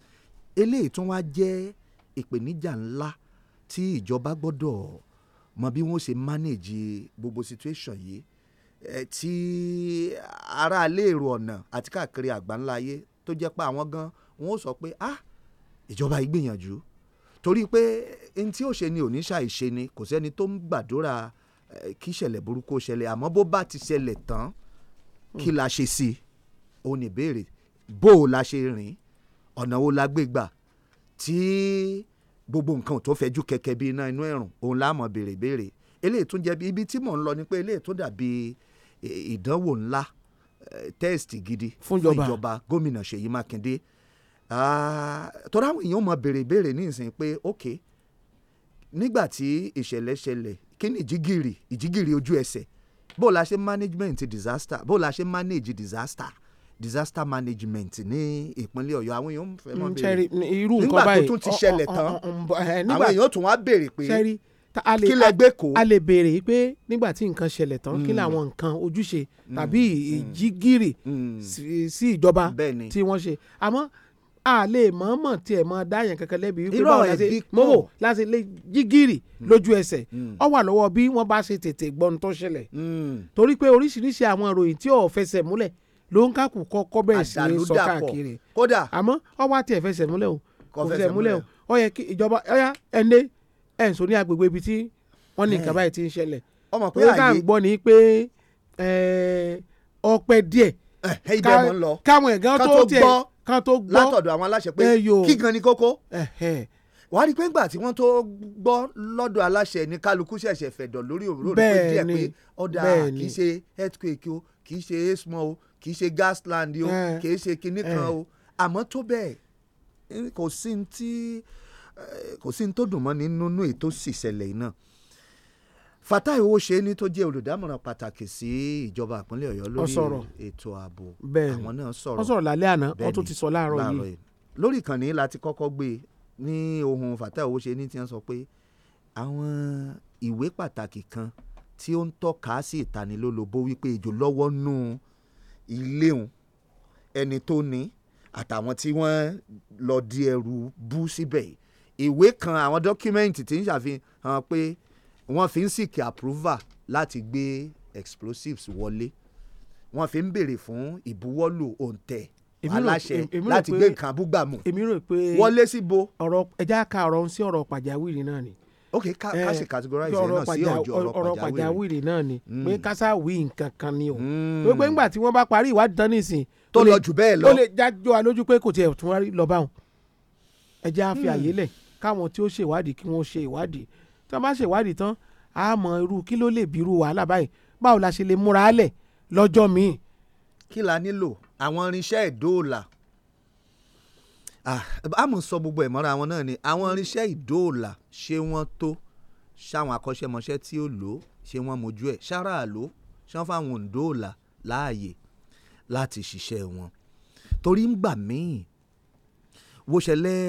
eléyìí tún wá jẹ́ ìpèníjà ńlá tí ìjọba gbọ́dọ̀ mọ bí wọ́n ṣe manage gbogbo situation yìí eh, tí aráalé èrò ọ̀nà àti káàkiri àgbáńlá ayé tó jẹ́ pé àwọn gan wọ́n sọ pé ah ìjọba yìí gbìyànjú torí pé n tí ò ṣe ni ò ní ṣàìṣe ni kò sẹ́ni tó ń gbàdúrà kí ìṣẹ̀lẹ̀ burúkú ṣẹlẹ̀ àmọ́ bó bá ti ṣẹlẹ̀ tán hmm. kí la ṣe sí i òun ní ìbéèrè bó o la ṣe rìn ọ̀nà wo la gbé gbà tí gbogbo nǹkan tó fẹjú kẹ̀kẹ́ bí iná inú ẹ̀rùn òun la béèrè béèrè eléyìí tún jẹ́ bí ibi tí mò ń lọ ni pé eléyìí tún dàbí ìdánwò ńlá tẹ́ẹ̀sì gidi fún ìjọba gómìnà Ṣèyí Mákindé Ah, torí àwọn èèyàn máa béèrè béèrè ní ìsìn pé ok nígbà tí ìṣẹ̀lẹ̀ ṣẹlẹ̀ kí ni ìjìgìrì ìjìgìrì ojú ẹsẹ̀ bó la ṣe management disaster bó la ṣe manage disaster disaster management ní ìpínlẹ̀ ọ̀yọ́ àwọn èèyàn fẹ́ mọ́ mm, béèrè nígbà tó tún ti ṣẹlẹ̀ tán àwọn èèyàn tún wá béèrè pé kí lẹ gbé kó. a lè béèrè pé nígbà tí nǹkan ṣẹlẹ̀ tán kí làwọn mm. nǹkan ojúṣe mm, tàbí ìjígìrì sí ìjọba tí wọ́n ṣe àmọ́ a lè mọ̀ọ́mọ̀ tiẹ̀ mọ̀ dáyàn kankan lẹ́bi wípé báwo la ṣe mọ́wò la ṣe lè jígìrì hmm. lójú ẹsẹ̀ ọ hmm. wà lọ́wọ́ bí wọ́n bá ṣe tètè gbọ́n tó ṣẹlẹ̀ hmm. torí pé oríṣiríṣi àwọn ìròyìn tí ò fẹsẹ̀ múlẹ̀ ló ń kàkù kọ́kọ́ bẹ́ẹ̀ sí ní sọ káàkiri kódà àmọ́ ọ wá tiẹ̀ fẹsẹ̀ múlẹ̀ o kò fẹsẹ̀ múlẹ̀ o ọ yẹ kí ìjọba ọyá ẹ̀ndé ẹ̀ ní agbègbè ibi tí wọ́n ní ìkàbá eh. ti ń ṣẹlẹ̀ ọmọ pé àyè ọmọ gbọ́ ni pé eh, ọpẹ díẹ̀ eh, káwọn ẹ̀gá tó tiẹ̀ ká tó gbọ́ látọ̀dọ̀ àwọn aláṣẹ pé kí gan ni kókó wàá rí i pé ńgbà tí wọ́n tó gbọ́ lọ́dọ̀ aláṣẹ ní kálukú ṣẹ̀ṣẹ̀ fẹ̀dọ̀ lórí òróró pé díẹ̀ pé ọ̀dà kì í ṣe earthquake o kì í ṣe esmo o kì í ṣe gasland o kì í ṣe kinní kan o àmọ́ tó bẹ́ẹ̀ kò sí ní tó dùn mọ́ nínú ètò ìṣẹ̀lẹ̀ náà Fatai Owóṣeéní tó jẹ́ olùdámọ̀ràn pàtàkì sí ìjọba ìpínlẹ̀ Ọ̀yọ́ lórí ètò ààbò àwọn náà sọ̀rọ̀ wọ́n sọ̀rọ̀ lálẹ́ àná wọ́n tún ti sọ láàárọ̀ yìí lórí ìkànnì láti kọ́kọ́ gbé ní ohun Fatai Owóṣeéní tí wọ́n sọ pé àwọn ìwé pàtàkì kan tí ó ń tọ́ka sí ìtanilólobó wípé ìjò lọ́wọ́ nù ilé òun ẹni tó ní àtàwọn tí wọ́n lọ di ẹrù bú síbẹ̀ ìwé wọ́n fi ń sìkì approval láti gbé explosives wọlé wọ́n fi ń béèrè fún ìbuwọ́lù òǹtẹ̀ aláṣẹ láti gbé nǹkan búgbàmù wọlé síbo. ọ̀rọ̀ ẹja ka ọ̀rọ̀ ń sí ọ̀rọ̀ pàjáwìrì náà ni ok ká ká sì categorize ẹ náà sí ọ̀rọ̀ pàjáwìrì náà ni hmm. pé kásá wí nǹkan kan ni o hmm. pé pé ńgbà tí wọ́n bá parí ìwádìí tán nísìn tó lọ jù bẹ́ẹ̀ lọ ó lè jájọ wa lójú pé kò tiẹ̀ tún wá lọ báwọn ẹja fi hmm. àyè lẹ̀ káwọn tí ó ṣèwádìí kí wọ́n ṣe ìwádìí tí wọ́n bá ṣèwádìí tán á mọ irú kí ló lè bí wàhálà báyìí báwo la ṣe lè múra lẹ̀ lọ́jọ́ míì. kí la nílò àwọn irinṣẹ́ ìdóòlà àmọ́ sọ gbogbo ẹ̀ mọ́ra wọn náà ni àwọn irinṣẹ́ ìdóòlà ṣé wọ́n tó ṣáwọn akọ́ṣẹ́mọṣẹ́ tí ó lò ó ṣé wọ́n mojú ẹ̀ ṣáráàlú ṣé wọ́n fáwọn òǹdóòlà láàyè láti ṣiṣẹ́ wọn torí ń gbà míì wo ṣẹlẹ̀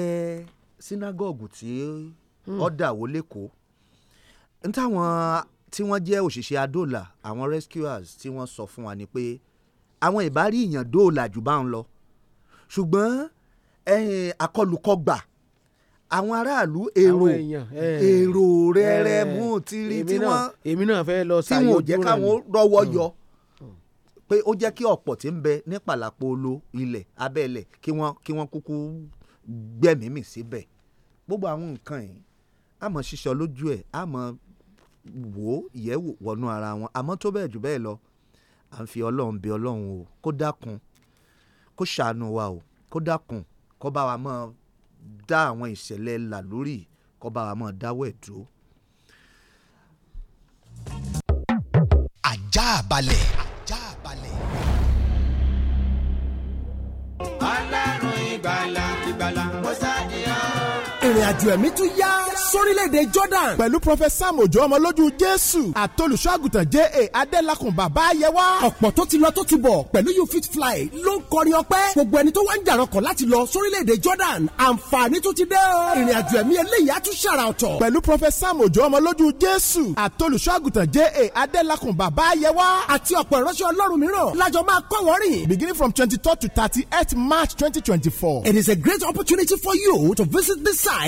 sinagogue tí ọ̀dà wo lẹ́kọ̀ọ́ n táwọn tí wọ́n jẹ́ òṣìṣẹ́ adóòlà àwọn rescuers tí wọ́n sọ fún wa ni pé àwọn ìbárí èèyàn dóòlà jù bá ń lọ ṣùgbọ́n àkọlùkọgbà eh, àwọn aráàlú èrò eh, èrò rẹrẹ eh, mú tìrì tí wọ́n èmi náà fẹ́ lọ sàyójú rẹ tí wọ́n ò jẹ́ káwọn rọwọ́ mm. yọ pé ó jẹ́ kí ọ̀pọ̀ tí ń bẹ ní pàlàpolo ilẹ̀ abẹ́lẹ̀ kí wọ́n kí wọ́n kúkú gbẹ̀mímì síbẹ̀ gbogbo àwọn nǹkan yìí àmọ́ ṣíṣọ lójú ẹ̀ àmọ́ wò ó ìyẹ̀wò wọnú ara wọn àmọ́ tó bẹ́ẹ̀ jù bẹ́ẹ̀ lọ à ń fi ọlọ́run bẹ ọlọ́run o kó dákun kó ṣàánú wa o kó dákun kó bá wa mọ́ dá àwọn ìṣẹ̀lẹ̀ là lórí kó bá wa mọ́ dáwọ́ ẹ̀ tó. ajá balẹ̀. ajá balẹ̀. ọlọ́run ìgbàlà ìgbàlà mọ́sáàdì ọ̀hún ìrìn àjò ẹ̀mí tún yá sórílẹ̀-èdè Jordan pẹ̀lú Prophet Sam Òjó ọmọlójú Jésù àtolùṣọ́àgùtàn J.A. Adélakùn bàbá ayẹwà. ọ̀pọ̀ tó ti lọ tó ti bọ̀ pẹ̀lú you fit fly ló ń kọrin ọpẹ́ gbogbo ẹni tó wá ń jàrọ̀kọ̀ láti lọ sórílẹ̀-èdè Jordan àǹfààní tún ti dé o ìrìn àjò ẹ̀mí eléyìí á tún ṣàrà ọ̀tọ̀. pẹ̀lú Prophet Sam Òjó ọmọlójú Jésù àtolùṣọ́àgùtàn J.A. Adélakùn bàbá ayẹwà àti ọ̀pọ̀ ìránṣẹ́ Ọlọ́run mìíràn lájọ máa kọ́ wọ́n rìn. beginning from twenty third to thirty eight March twenty twenty four. it is a great opportunity for you to visit this site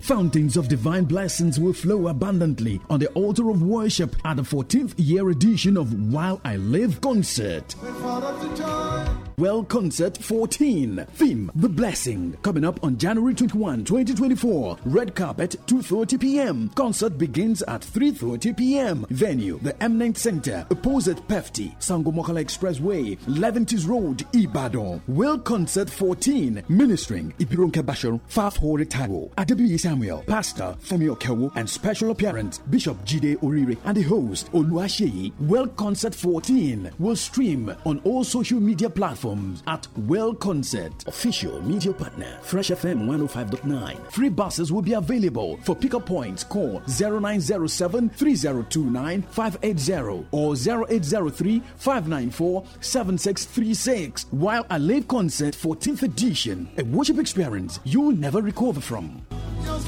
fountains of divine blessings will flow abundantly on the altar of worship at the 14th year edition of While I Live concert. Well, concert 14. Theme: The Blessing. Coming up on January 21, 2024. Red carpet 2:30 p.m. Concert begins at 3:30 p.m. Venue: The Eminent Center, opposite Pefti, Sangomokala Expressway, Leventis Road, Ibadan. Well, concert 14. Ministering: Ipirunke Bashir, Faf Hori Taiwo, Samuel, Pastor Fumi Okewo, and special appearance Bishop Jide Orire, and the host Oluwaseyi. Well Concert 14 will stream on all social media platforms at Well Concert, official media partner, Fresh FM 105.9. Free buses will be available for pickup points. Call 0907 3029 580 or 0803 594 7636. While a live concert 14th edition, a worship experience you'll never recover from. Just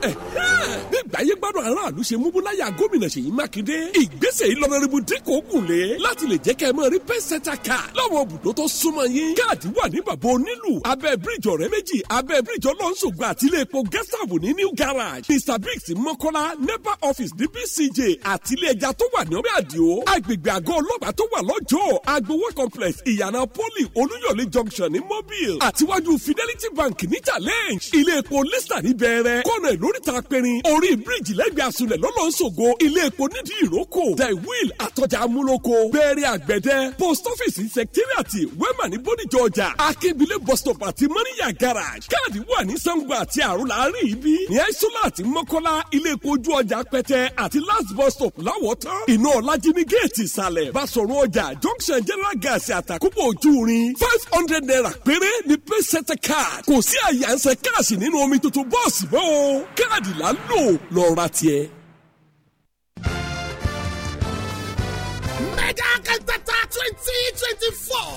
bí gbàyé gbádùn aráàlú ṣe mú búláyà gómìnà Ṣèyí Mákindé ìgbésẹ̀ ìlọrẹ́rìbù dínkù ògùn lé láti lè jẹ́ kẹ́ ẹ mọ́ rí pẹ́sẹ́tà kà láwọn ibùdó tó súnmọ́ yín káàdì wà ní bàbá onílù abẹ́ bíríjì ọ̀rẹ́ méjì abẹ́ bíríjì ọlọ́nṣogbo àti ilé epo gẹ́sàbù ní new garage mr briggs mọ́kọ́lá nepa office ní bcj àti ilé ẹja tó wà ní ọbẹ̀ àdìo agbègbè àgọ́ ọlọ́pàá complex ìyànà poli olúyọ̀lé junction ní mobile fidelity bank ní challenge ilé epo lista ní bẹ̀rẹ̀ kọ́nà lóríta apẹ̀rin orí bíríìjì lẹ́gbẹ̀ẹ́ asunlẹ̀ lọ́lọ́sọ̀gọ ilé epo nídìí ìrókò the wheel àtọjà amúlòkọ bẹ́ẹ̀rẹ̀ àgbẹ̀dẹ post office secretariat wema ní bódìjọ ọjà akébílẹ̀ bus stop àti mọ́níyà garage káàdì wà ní sango àti àrùn láàrin ibi ní aisola àti mọ́kọ́lá ilé epo ojú ọjà pẹtẹ àti last bus stop láwọ̀tán iná ọ̀làjì ní géètì ìsàlẹ̀ basọ̀rọ̀ ọjà junction general gas àtàkùbọ̀ ojú rin five hundred naira péré ní paycenter card kò sí àyànṣe káàsì nínú omi tuntun bọ́ọ̀sì bọ́ọ̀ káàdì là lọ́ọ́ ra tiẹ̀. mẹ́jà kẹtẹta twenty twenty four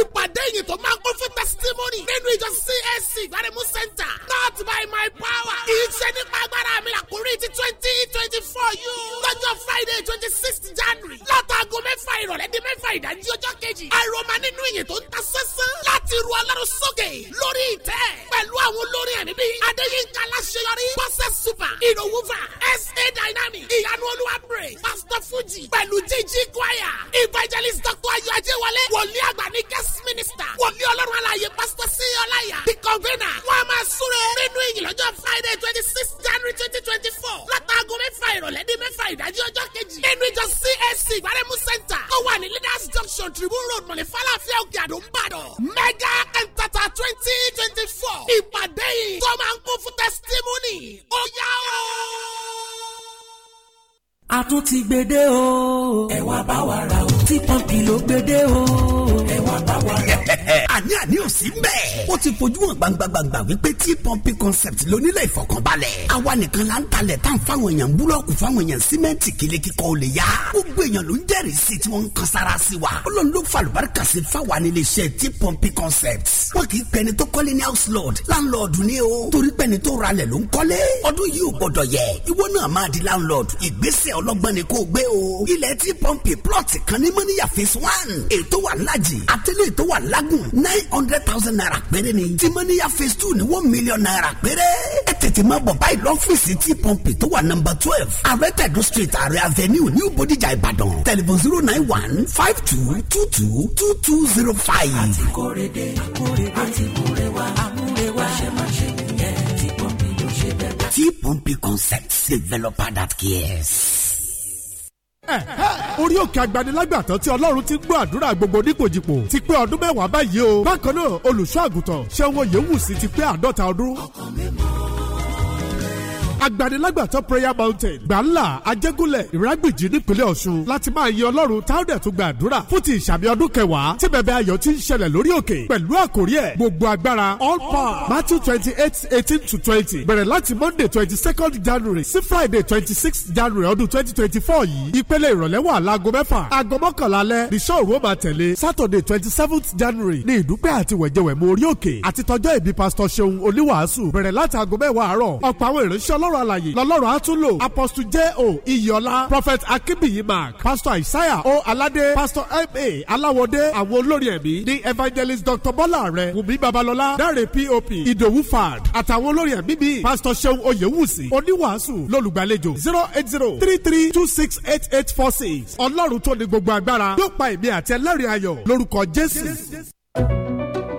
ìpàdé yìí tó máa kún fún testimony nínú ìjọ CAC ìgbàdémù center not by my power iṣẹ́ nípa agbára mi àkórí ti twenty twenty four yìí lọ́jọ́ Friday twenty sixth January látàgò mẹ́fà ìrọ̀lẹ́ di mẹ́fà ìdájí ọjọ́ kejì àìrọ̀mà nínú ìyẹn tó ń ta sẹ́sán láti ru ọlọ́run sókè lórí ìtẹ́ pẹ̀lú àwọn olórin ẹ̀mí bíi Adéyínká Aláṣeyọrí Bọ́sẹ̀ Super Ìròwúfà SA Dynamic Ìyanu Olúwa Pray Pastor Fuji pẹ̀lú jíjí choir evangelist Dr. Ayọ̀ Ajẹ́wọlé wòlíì àgbà ní kẹ́s first minister wòlíì ọlọ́run aláàyè pásítọ̀ sí ọláyà the convener wọ́n a máa súre nínú ìyìn lọ́jọ́ friday twenty six january twenty twenty four látàgọ́ mẹ́fà ìrọ̀lẹ́ di mẹ́fà ìdájí ọjọ́ kejì nínú ìjọ CAC gbaremu center tó wà ní leaders junction tribune road mọ̀lẹ́ falafel òkè àdó ńbàdàn mega Entata, twenty twenty four ìpàdé yìí tó máa ń kún fún testimony ó yá o a tún ti gbede o. ẹ wá bá wa ra o. tí pọ́ǹpì ló gbede o ẹ wá bá wa rẹ̀. àní àní ò sí bẹ́ẹ̀. ó ti fojú hàn gbangba wípé tí pọ́ǹpì concept lónílẹ̀ ìfọkànbalẹ̀. àwa nìkan la ń talẹ̀ tán fáwọn èèyàn búlọ́ọ̀kù fáwọn èèyàn símẹ́ǹtì kílé kíkọ́ ò lè yá. gbogbo èèyàn ló ń jẹ́rìí sí tí wọ́n ń kan sára sí wa. ọlọ́run ló fa àlùbáríkà sí fáwa nílé iṣẹ́ tí pọ́ǹpì concept. wọ́n kì í pẹni tó kọ́lé ní house lord landlord ni o. torí pẹni tó ralẹ̀ ló ń kọ́lé. ọdún yìí ò landlord. ìgbésẹ̀ ọlọ́gbọ́n ni kò gbé o. ilẹ̀ tí pọ́ǹpì plọ̀tì kan ní mọ́níyà phase one. ètò wà fèsì àtẹlẹ tó wà lágùn nine hundred thousand naira péré ni tìmọ́níyà phase two ni one million naira péré ẹ tètè máa bọ̀ báyìí lọ́fíìsì tí pọ́ǹpì tó wà nọ́mbà twelve ààrẹ street ààrẹ avenue new bodijà ìbàdàn tẹlifon zero nine one five two two two two two zero five. àti kórede àti kórewa àmúrewa ṣe máa ṣe nìyẹn tí pọ́ǹpì ló ṣe bẹ́ẹ̀. tí pọ́ǹpì concepts developer that cares orí òkè agbanilágbàtàn tí ọlọ́run ti gbọ́ àdúrà gbogbo nípojìpò ti pé ọdún mẹ́wàá báyìí o bákan náà olùṣọ́ àgùntàn ṣẹ́wọ̀n yẹ̀wù sí ti pé àádọ́ta ọdún. ọkàn mi mọ́ agbanilágbàtọ́ prayer mountain gbàlá ajégúnlẹ̀ ìrágbìjì nípínlẹ̀ ọ̀ṣun láti máa yin ọlọ́run táwọ̀dẹ̀ tó gbàdúrà fún ti ìsàmì ọdún kẹwàá tí bẹ̀bẹ̀ ayọ̀ ti ń ṣẹlẹ̀ lórí òkè pẹ̀lú àkórí ẹ̀ gbogbo agbára all power matthew twenty eight eighteen to twenty bẹ̀rẹ̀ láti monday twenty second january sí friday twenty six january ọdún twenty twenty four yìí ìpele ìrọ̀lẹ́ wà láago mẹ́fà aago mọ́kànlá alẹ́ ní sọ́ọ̀rù ó saturday twenty seventh january ní ìdúpẹ́ àti wẹ̀jẹ̀wẹ̀mú orí òkè àti tọjọ́ ìbí pásítọ̀ ṣeun oníwàásù bẹ̀rẹ̀ láti aago mẹ́wàá àárọ̀ ọ̀pọ̀ ọlọ́run àlàyé lọ́lọ́run àtúnlò apostle j o iyọlá prophet akínbíyì mark pastor isaiah o aládé pastor ma aláwọdé àwọn olórin ẹ̀mí ní evangelist dr bọ́lá rẹ̀ wùmí babalọ́lá dáre pop ìdòwú fad àtàwọn olórin ẹ̀mí bíi pastor seun oyewusi oníwàásù lólùgbàlejò zero eight zero three three two six eight eight four six ọlọ́run tó ní gbogbo agbára yóò pa ìmí àti ẹlẹ́rìí ayọ̀ lórúkọ jésù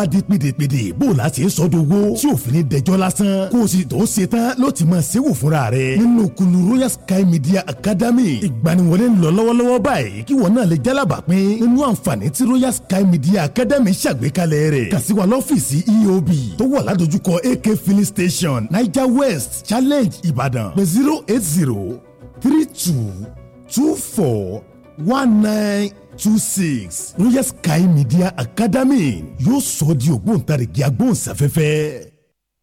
bá di pédèpédè bó o la ṣe sọ dogo tí o fini dẹjọ́ lásán kó o sì tó ṣe tán ló ti mọ segu fúnra rẹ̀ nínú kunu royal sky media academy ìgbaniwọlé ń lọ lọ́wọ́lọ́wọ́ báyìí kí wọn náà lè jálàbà pín nínú àǹfààní tí royal sky media academy ṣàgbékalẹ̀ rẹ̀ kàn sí lọ́fíìsì eob tó wà ládojúkọ ak filling station niger west challenge ìbàdàn pé zero eight zero three two two four one nine two six royal sky media academy yóò sọ ọ́ di ògbóǹtarìgì agbóhùnsáfẹ́fẹ́.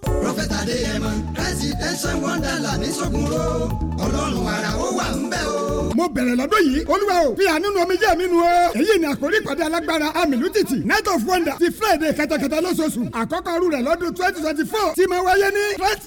Prọfẹ̀tà Adéyẹmọ presidential wonderland ní Sọ́gunró ọlọ́run ara ó wà ń bẹ̀ o. mo bẹ̀rẹ̀ lọ́dún yìí olúwa o fi àánú omi jẹ́ mi nu o. èyí ni àkórí ìpàdé alágbára amìlú títì night of wonder ti friday kẹtẹkẹtẹ lóṣooṣù àkọ́kọ́ ọdún rẹ̀ lọ́dún twenty twenty four ti máa wáyé ní christ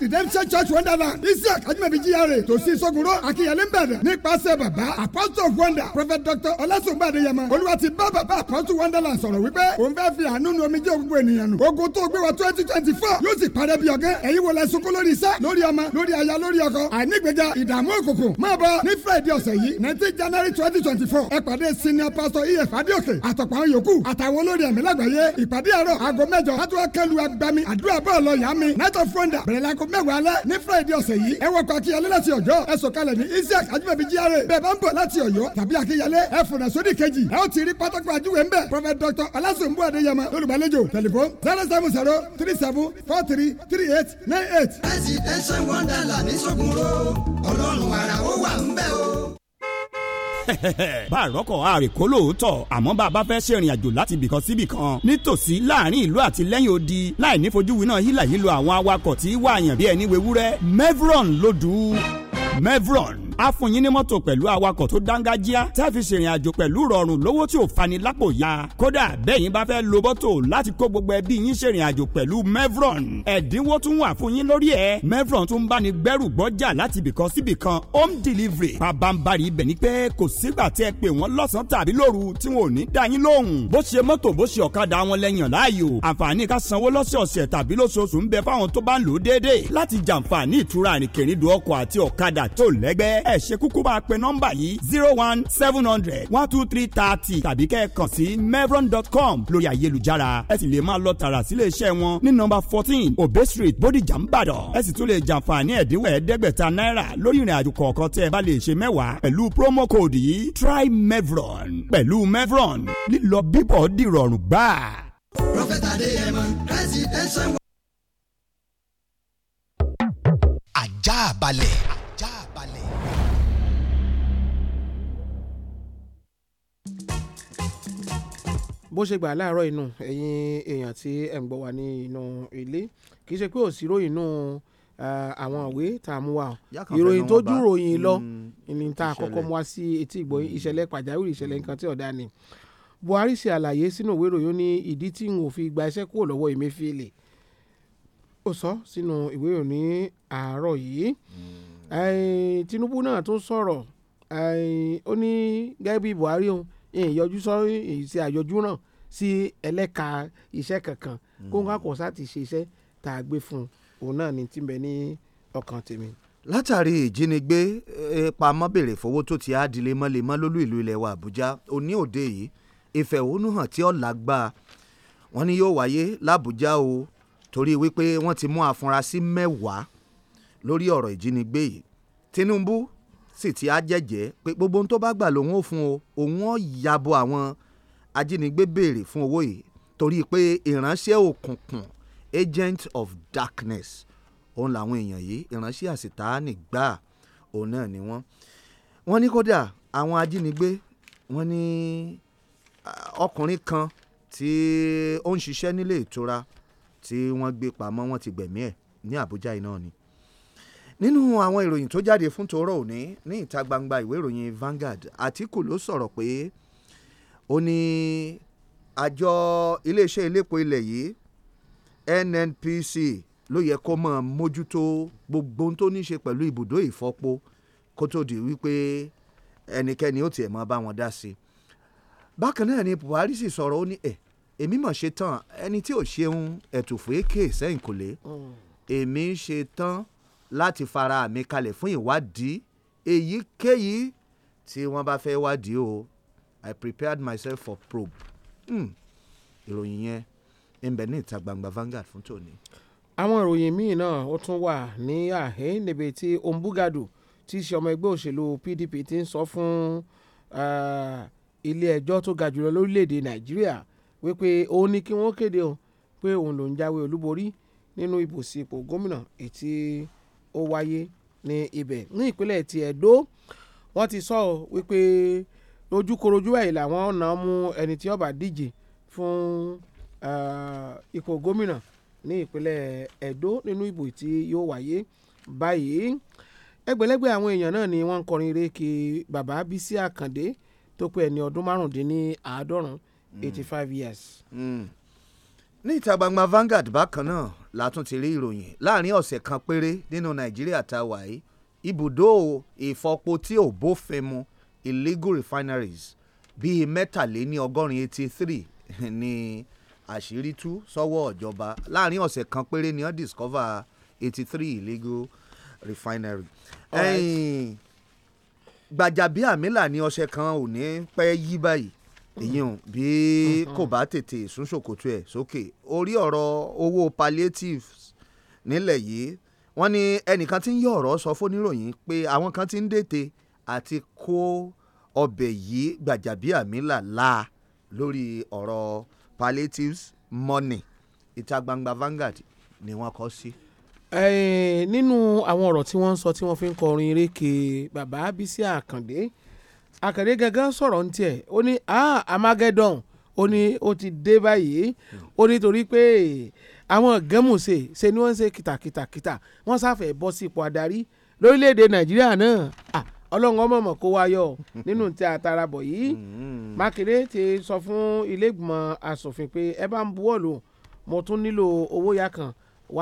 church wonderland isiaq ajimabi GRA tòsí Sọ́gunró akínyẹlé ń bẹ̀rẹ̀ nípasẹ̀ bàbá apostle of wonder prophet doctor ọlásùnbọ̀ Adéyẹmọ olúwa ti bá bàbá apostle wonderland sọ̀rọ̀ wípé òun fẹ́ fi àánú omi jẹ́ gbogbo bí ọ̀gẹ́ ẹ̀yin wò lẹ sunkún lórí iṣẹ́ lórí ọmọ lórí aya lórí ọkọ àìnígbèjà ìdààmú òkùnkùn máa bọ̀ ní friday ọ̀sẹ̀ yìí nineteen january twenty twenty four ẹ pàdé senior pastor ef adéòkè àtọ̀pọ̀ àwọn yòókù àtàwọn olórí ẹ̀mí lágbàáyé ìpàdé àárọ̀ aago mẹ́jọ látọ̀ kẹlu agbami àdúrà bọ́ọ̀ lọ yá mi night of wonder bẹ̀rẹ̀ lago three eight nine eight. presidential wonderland ní sọ́kúnrò ọlọ́run àrà ó wà ń bẹ̀ o (laughs) bá a rọ́kọ̀ àrèkó lóòótọ́ àmọ́ bá a bá fẹ́ ṣe ìrìn àjò láti ibìkan sí ibìkan nítòsí láàrin ìlú àti lẹ́yìn odi láì nífojúwi náà hílàhílo àwọn awakọ̀ tí wàá yàn bí ẹni wewúrẹ́ mevron lodu mevron a fún yín ní mọ́tò pẹ̀lú awakọ̀ tó dángájíá tá a fi ṣèrìn àjò pẹ̀lú rọrùn lówó tí ò fani lápò ya kódà bẹ́yìn bá fẹ́ lo bọ́tò láti kó gbogbo ẹbí yín ṣèrìn àjò pẹ̀lú mevron ẹ̀dínwó tún wà fún yín lórí ẹ̀ mevron tún bá ní gbẹ́rù gbọ́jà láti ibìkan síbìkan home delivery pabambari ibẹ̀ ni pé kò sígbà tẹ́ ẹ pè wọ́n lọ́sàn-án tàbí lóru tí wọn ò ní dá yín lóhùn bó ṣe mọ́tò bó ṣe ọ̀kadà wọn lẹ́yìn láàyò àǹfààní ká sanwó lọ́sọ̀ọ̀sẹ̀ tàbí lóṣooṣù ń bẹ fáwọn tó bá ń lò ó déédéé láti jàǹfààní ìtura àrìnkèrìndò ọkọ̀ àti ọ̀kadà tó lẹ́gbẹ́ẹ́ fẹ́ ẹ ṣe kúkú bá a pe nọ́mbà yìí zero one seven hundred one two three thirty tàbí kẹ́ ẹ kàn sí mevron.com lórí ayélujára ẹ sì lè máa lọ tààrà sílé iṣẹ́ wọn ní nọ́mbà fourteen obe street bodijà ńbàdàn ẹ sì tún lè jàǹfààní ẹ̀dínwó ẹ̀ẹ́dẹ́gbẹ̀ta náírà lórí ìrìn àjò kọ̀ọ̀kan tẹ́ ẹ bá lè ṣe mẹ́wàá pẹ̀lú promo code yìí try mevron pẹ̀lú mevron lílọ bíbọ̀ dìrọ̀rùn gbáà. prọfẹ̀tà adéyẹmọ president. ajá balẹ̀. bó ṣe gbà láàárọ̀ inú ẹ̀yin èèyàn tí ẹ̀ ń gbọ́ wá ní inú ilé kì í ṣe pé òsíró inú àwọn ìwé tá a mú wa ìròyìn tó dúró yìí lọ hmm, ní ta àkọ́kọ́ mú wa sí etí ìgbọ́ hmm. ìṣẹ̀lẹ̀ pàjáwìrì ìṣẹ̀lẹ̀ hmm. nǹkan tí ọ̀dà ni Buhari ṣe àlàyé sínú ìwé ìròyìn ó ní ìdí tí n ò fi gba iṣẹ́ kúrò lọ́wọ́ Emefiele ó sọ sínú ìwé ìròyìn ní àárọ̀ yìí Tinubu náà tún sọ̀rọ̀ ó ní gẹ́gẹ́ bí Buhari òun ìyọjú sọ́rí ìṣe àyọjú ràn sí ẹlẹ́ka iṣẹ́ kankan kó n kò sá ti ṣe iṣẹ́ tá a gbé fún un òun náà ni ti bẹ ní ọkàn tèmi. látàrí ìjínigbé e, pamọ́ béèrè fowó tó ti á di lemọ́lemọ́ lólú ìlú ilẹ̀ wa àbújá òní òde yìí ìfẹ̀hónúhàn tí ó lágbára wọ́n ní yóò wáyé lábújá o torí wípé wọ́n ti mú afurasí mẹ́wàá lórí ọ̀rọ̀ ìjínigbé yìí Tinubu sì ti á jẹ́jẹ́ pé gbogbo ohun tó bá gbà lòun ó fún o òun ó yàbọ̀ àwọn ajínigbé béèrè fún owó yìí torí pé ìránṣẹ́ òkùnkùn agent of darkness òun làwọn èèyàn yìí ìránṣẹ́ àṣetánì gbà òun náà ni wọ́n. wọ́n ní kódà àwọn ajínigbé wọ́n ní ọkùnrin kan tí ó ń ṣiṣẹ́ nílé ìtura tí wọ́n gbé pamọ́ wọ́n ti gbẹ̀mí ẹ̀ ní Àbújá iná ni nínú àwọn ìròyìn tó jáde fún tòórọ́ òní ní ìta gbangba ìwé ìròyìn Vanguard Àtíkù ló sọ̀rọ̀ pé ó ní àjọ iléeṣẹ́ iléepo ilẹ̀ yìí NNPC ló yẹ kó máa mójútó gbogbo ohun tó ní í ṣe pẹ̀lú ibùdó ìfọpo kó tó di wípé ẹnikẹ́ni ó tiẹ̀ máa bá wọn dá sí i bákan náà ni Buhari sì sọ̀rọ̀ ó ní ẹ̀ èmi mọ̀ ṣe tán ẹni tí ò ṣeun ẹ̀tùfẹ́ kè sẹ́yìn kò lé mm. èmi ṣe tán láti fara mi kalẹ̀ fún ìwádìí èyíkéyìí tí wọ́n bá fẹ́ wádìí o I prepared myself for probe. Hmm, ìròyìn yẹn ń bẹ ní ìta gbangba Vanguard fún tòní. àwọn ìròyìn míì náà ó tún wà ní àhẹ́ níbi tí Ombugadu tí í ṣe ọmọ ẹgbẹ́ òṣèlú PDP ti ń sọ fún ilé ẹjọ́ tó ga jùlọ lórílẹ̀‐èdè Nàìjíríà wípé òun ni kí wọ́n kéde o pé òun ló ń jáwé olúborí nínú ìbòsípò gómìnà ètí. E ó wáyé ní ibẹ̀ ní ìpínlẹ̀ ti Ẹdó wọ́n ti sọ wípé ojúkorojú ẹ̀ làwọn ọ̀nà mú ẹni tí ó bá díje fún ipò gómìnà ní ìpínlẹ̀ Ẹdó nínú ìbò tí yóò wáyé báyìí ẹgbẹ̀lẹ́gbẹ̀ àwọn èèyàn náà ni wọ́n ń kọrin ìrèké bàbá Bísí Àkàndé tó pé ẹni ọdún márùndínláàádọ́rùn-ún eighty five years. Hmm ní ìta gbangba Vanguard bákan náà látún ti rí ìròyìn láàrin ọ̀sẹ̀ kan péré nínú Nàìjíríà tá a ibùdó ìfọpo tí ò bófin mu illegal refineries bíi mẹ́tàléní ọgọ́rin eighty three (laughs) ni àṣírí tú sọ́wọ́ ìjọba láàrin ọ̀sẹ̀ kan péré ni wọ́n discover eighty three illegal refinery. Right. Hey, Gbàjàbíàmílà ni ọṣẹ kan ò ní pẹ́ yí báyìí ìyẹn bí mm-hmm. kò bá tètè sún ṣòkòtò ẹ̀ sókè orí ọ̀rọ̀ owó palliatives nílẹ̀ yìí wọ́n ní ẹnìkan tí ń yọ ọ̀rọ̀ sọ fóníròyìn pé àwọn kan ti ń dètè àti kó ọbẹ̀ yìí gbàjàbíàmílà la lórí ọ̀rọ̀ palliatives money ìta gbangba Vanguard ni wọ́n kọ sí. nínú àwọn ọ̀rọ̀ tí wọ́n ń sọ tí wọ́n fi ń kọrin eréke bàbá Bísí Àkàndé Akàndé gangan sọ̀rọ̀ ní tiẹ̀ ó ní Armageddon ó ní ó ti dé báyìí ó nítorí pé àwọn gẹ́mùsè ṣe ni wọ́n ń ṣe kìtàkìtàkìtà wọ́n sáfẹ́ bọ́ sí ipò adarí lórílẹ̀‐èdè Nàìjíríà náà ọlọ́run ọmọ mọ̀ kó wa yọ nínú tí a tara bọ̀ yìí hmm. Mákindé ti sọ fún ilégbìmọ̀ asòfin pé ẹ bá ń buwọ́ lò mo tún nílò owó yá kan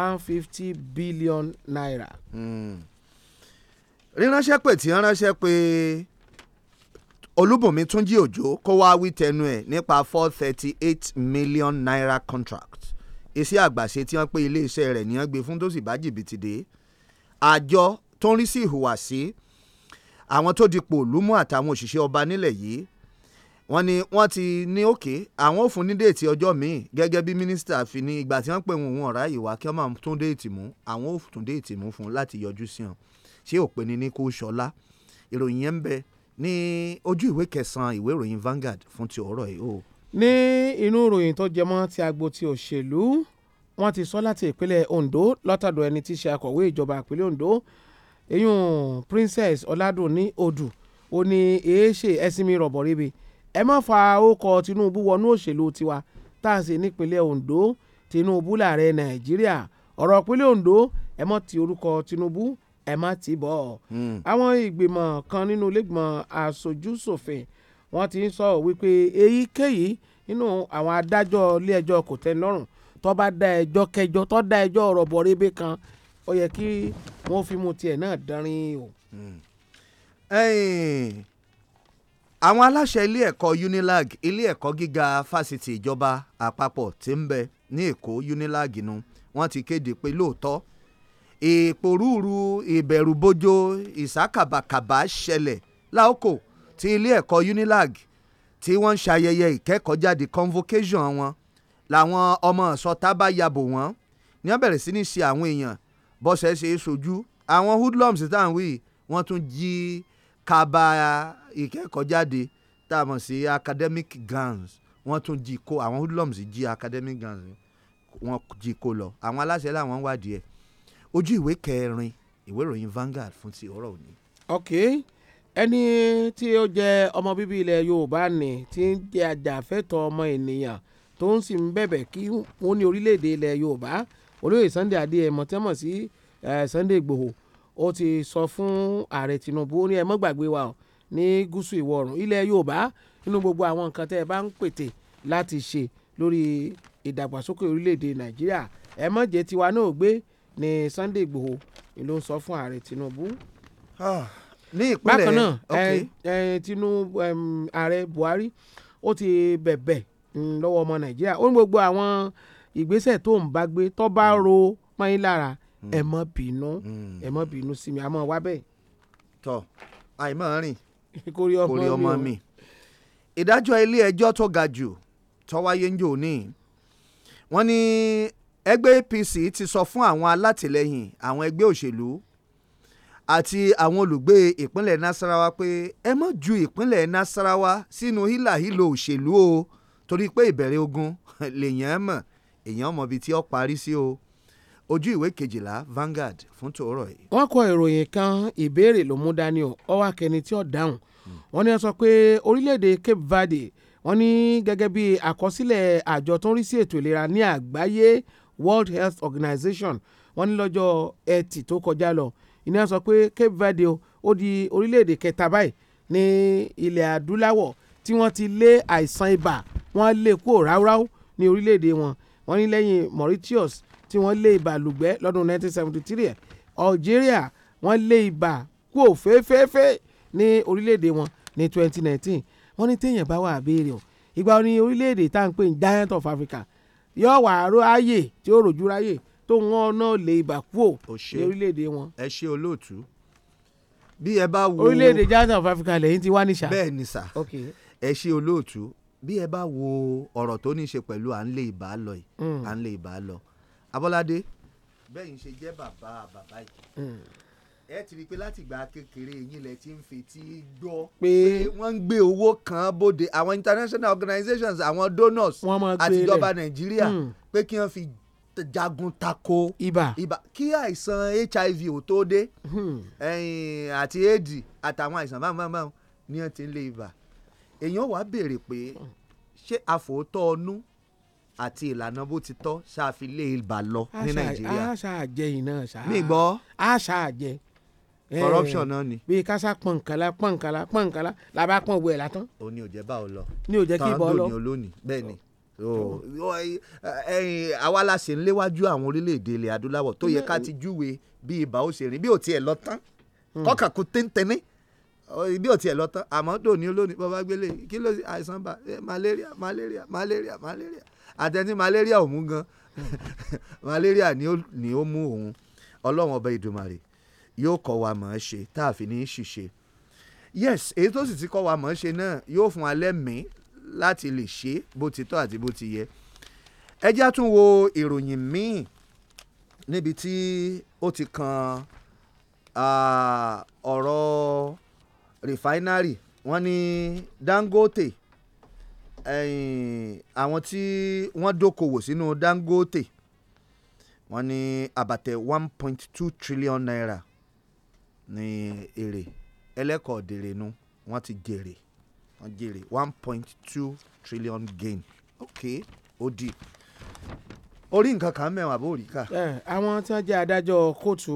one fifty billion naira. Hmm. ríránṣẹ́ pè tí ránṣẹ́ pé olúbùnmi túnjí òjò kó wá wí tẹnu ẹ̀ nípa four thirty eight million naira contract iṣẹ́ àgbàṣe tí wọ́n pé iléeṣẹ́ rẹ̀ ní wọ́n gbé fún tó sì bá jìbìtì dé àjọ tó ń rí sí ìhùwàsí àwọn tó dipò lúmú àtàwọn òṣìṣẹ́ ọba nílẹ̀ yìí wọ́n ní wọ́n ti ní òkè àwọn ò fún ní déètì ọjọ́ míì gẹ́gẹ́ bí mínísítà fi ní ìgbà tí wọ́n pè wọ́n ọ̀rá ìwà kí wọ́n máa tún déètì mú àwọn ò tún déètì mú fún láti yọjú sí hàn ṣé òpin ni ní kó ṣọlá ìròyìn yẹn ń bẹ́ẹ̀ ní ojú ìwé kẹsàn-án ìwé ìròyìn Vanguard fún ti ọ̀rọ̀ yìí o. ní inú ìròyìn tó jẹmọ́ ti agbo ti òṣèlú wọ́n ti sọ láti ìpínlẹ̀ Ondo látàdọ̀ ẹni tí í ṣe akọ̀wé ìjọba ìpínlẹ̀ Ondo eyín Princess Ọládùnní Odù ó ní èéṣe ẹsìnmi rọ̀bọ̀ ríbi ẹ má fa ọkọ̀ Tinubu wọnú òṣèlú tiwa tá a sì nípínlẹ̀ Ondo Tinubu lààrẹ Nàìjíríà ọ̀rọ̀ ìpínlẹ̀ Ondo ẹ mọ̀ ti orúkọ Tinubu ẹ má ti bọ̀ ọ́. Hmm. àwọn ìgbìmọ̀ kan nínú ilégbìmọ̀ aṣojúṣòfin wọ́n ti ń sọ wípé èyíkéyìí nínú àwọn adájọ́ ilé ẹjọ́ kòtẹ́lọ́rùn tó bá dá ẹjọ́ kẹjọ tó dá ẹjọ́ ọ̀rọ̀ bọ̀rẹ́bẹ́ kan ó yẹ kí wọ́n fi mu tiẹ̀ náà dánrin o. Hmm. àwọn aláṣẹ ilé ẹ̀kọ́ unilag ilé ẹ̀kọ́ gíga fásitì ìjọba àpapọ̀ tí ń bẹ ní èkó unilag nu wọ́n ti kéde pé lóòótọ́ ìpòrúurú ìbẹ̀rùbojo ìsákàbàkàbà ṣẹlẹ̀ láòkò tí ilé ẹ̀kọ́ unilag tí wọ́n ń ṣayẹyẹ ìkẹ́kọ̀ọ́jáde convocation wọn làwọn ọmọ ìsọta bá yabò wọ́n ní wọ́n bẹ̀rẹ̀ sí ní ṣe àwọn èèyàn bọ́sẹ̀ ṣe é ṣojú àwọn hoodlums tá à ń wí wọ́n tún jí kaba ìkẹ́kọ̀ọ́jáde tá a mọ̀ sí academic grounds wọ́n tún jí kó àwọn hoodlums jí academic grounds wọ́n jí kó lọ àwọn aláṣẹ làwọn ń wádìí ojú ìwé kẹrin ìwé ìròyìn Vanguard fún ti ọ̀rọ̀ òní. ok ẹni tí ó jẹ́ ọmọ bíbí ilẹ̀ Yorùbá ni tí ń jẹ́ ọmọ ènìyàn tó ń sì ń bẹ̀bẹ̀ kí wọ́n ní orílẹ̀-èdè ilẹ̀ Yorùbá olóyè Sunday tẹ́mọ̀ sí Sunday Ìgbòho ó ti sọ fún ààrẹ Tinubu ó ní ní gúúsù ìwọ̀ ilẹ̀ Yorùbá nínú gbogbo ní Sunday Igboho ló ń sọ fún ààrẹ Tinubu. Ah, ní ìpínlẹ̀ bákan náà eh, eh, Tinubu ààrẹ Buhari ó ti bẹ̀bẹ̀ mm, lọ́wọ́ ọmọ Nàìjíríà ó ní gbogbo àwọn ìgbésẹ̀ tó ń bá gbé tó bá hmm. ro mọ́yìn lára hmm. ẹ má bínú hmm. ẹ má bínú sí mi àmọ́ wá bẹ́ẹ̀. tọ àìmọ rìn (laughs) kórè ọmọ mi ìdájọ́ ilé ẹjọ́ tó ga jù tó ń jò ní wọ́n ní ẹgbẹ́ APC ti sọ fún àwọn alátìlẹyìn àwọn ẹgbẹ́ òṣèlú àti àwọn olùgbé ìpínlẹ̀ Nasarawa pé ẹ má ju ìpínlẹ̀ Nasarawa sínú hílàhílo òṣèlú o torí pé ìbẹ̀rẹ̀ ogun (laughs) lèèyàn mọ̀ èèyàn mọ̀ bíi tí ó parí sí o ojú ìwé kejìlá Vanguard fún tòórọ yìí. wọ́n kọ ìròyìn kan ìbéèrè ló mú dání o ọwọ́ akẹni tí ó dáhùn wọ́n ní wọ́n sọ pé orílẹ̀-èdè Cape Verde wọ́n ní gẹ́gẹ́ bí àkọsílẹ̀ àjọ tó ń rí sí ètò ìlera ní àgbáyé World Health Organization wọ́n ní lọ́jọ́ ẹtì tó kọjá lọ iná sọ pé Cape Verde ó di orílẹ̀-èdè kẹta báyìí ní ilẹ̀ adúláwọ̀ tí wọ́n ti lé àìsàn ibà wọ́n lé e kúrò ráúráú ní orílẹ̀-èdè wọn wọ́n ní lẹ́yìn Mauritius tí wọ́n lé ibà lùgbẹ́ lọ́dún 1973 Algeria wọ́n lé ibà kúrò fẹ́ẹ́fẹ́ẹ́fẹ́ ní orílẹ̀-èdè wọn ní 2019 wọ́n ní téèyàn bá wà á béèrè o ìgbà wo ni orílẹ̀-èdè tá à ń pè ní Giant of Africa yóò wà á ráyè tí ó rojú ráyè tó wọn náà lè ibà kúò èdè wọn. ẹ ṣe olóòtú bí ẹ bá wo orílẹ̀-èdè Johnson of Africa lẹ́yìn tí wá ní sà. bẹ́ẹ̀ ni sà ẹ ṣe olóòtú bí ẹ bá wo ọ̀rọ̀ tó ní ṣe pẹ̀lú à ń lé ibà lọ yìí mm. à ń lé ibà lọ Abọ́ládé bẹ́ẹ̀ ń ṣe jẹ́ bàbá bàbá yìí mm ẹ ti rí i pé láti ìgbà kékeré yín lẹ ti ń fetí gbọ́ pé wọ́n ń gbé owó kan bóde àwọn international organizations àwọn donors àtijọba nàìjíríà hmm. pé kí wọ́n fi jagun tako ibà ibà kí àìsàn hiv ò tó dé hmm. àti aids àtàwọn àìsàn báwọn ni wọ́n ti ń lé ibà èèyàn wàá béèrè pé ṣé àfòótọ́ ọnú àti ìlànà bó ti tọ́ ṣáà fi lé ibà lọ ní nàìjíríà. a ṣáà jẹ iná ṣáà. mi gbọ́. a ṣáà jẹ. Eh. corruption náà ni. bí kásá pọ̀nkálá pọ̀nkálá pọ̀nkálá làbá pọ̀n wẹ̀ látán. o ní òjẹ́ bá o lọ. ní òjẹ́ kí ìbọn lọ. tàǹdò ni olónìí bẹ́ẹ̀ ẹyin àwa la ṣe ń léwájú àwọn orílẹ̀-èdè ilẹ̀ adúláwọ̀ tó yẹ ká ti júwe bí ibà ó ṣe rìn bí ò tiẹ̀ lọ tán hmm. kọ́kàkú téńténí bí ò tiẹ̀ lọ tán àmọ́ dòní olónìí bàbá gbélé kí ló àìsàn bá eh, malaria malaria malaria malaria àtẹni malaria ò mú gan hmm. (laughs) malaria ni ó mú òun ọlọ́run ọba ìdùmarè yóò kọ́ wa mọ̀ ọ́ ṣe tá a fi ní ṣìṣe yes èyí tó sì ti kọ́ wa mọ̀ ọ́ ṣe náà yóò fún wa lẹ́mìí láti lè ṣe bó ti tọ́ àti bó ti yẹ ẹ já tún wo ìròyìn míì níbi tí ó ti kan ọ̀rọ̀ rìfáínárì wọ́n ní Dangote àwọn tí wọ́n dókòwò sínú Dangote wọ́n ní àbàtẹ̀ one point two trillion naira ní èrè ẹlẹ́kọ̀ọ́dèrè nu wọ́n ti jèrè wọ́n jèrè one point two trillion gain ok odi. di orí nǹkan kan mẹ́wàá bó rí ká. Eh, àwọn tí wọ́n jẹ́ adájọ́ kóòtù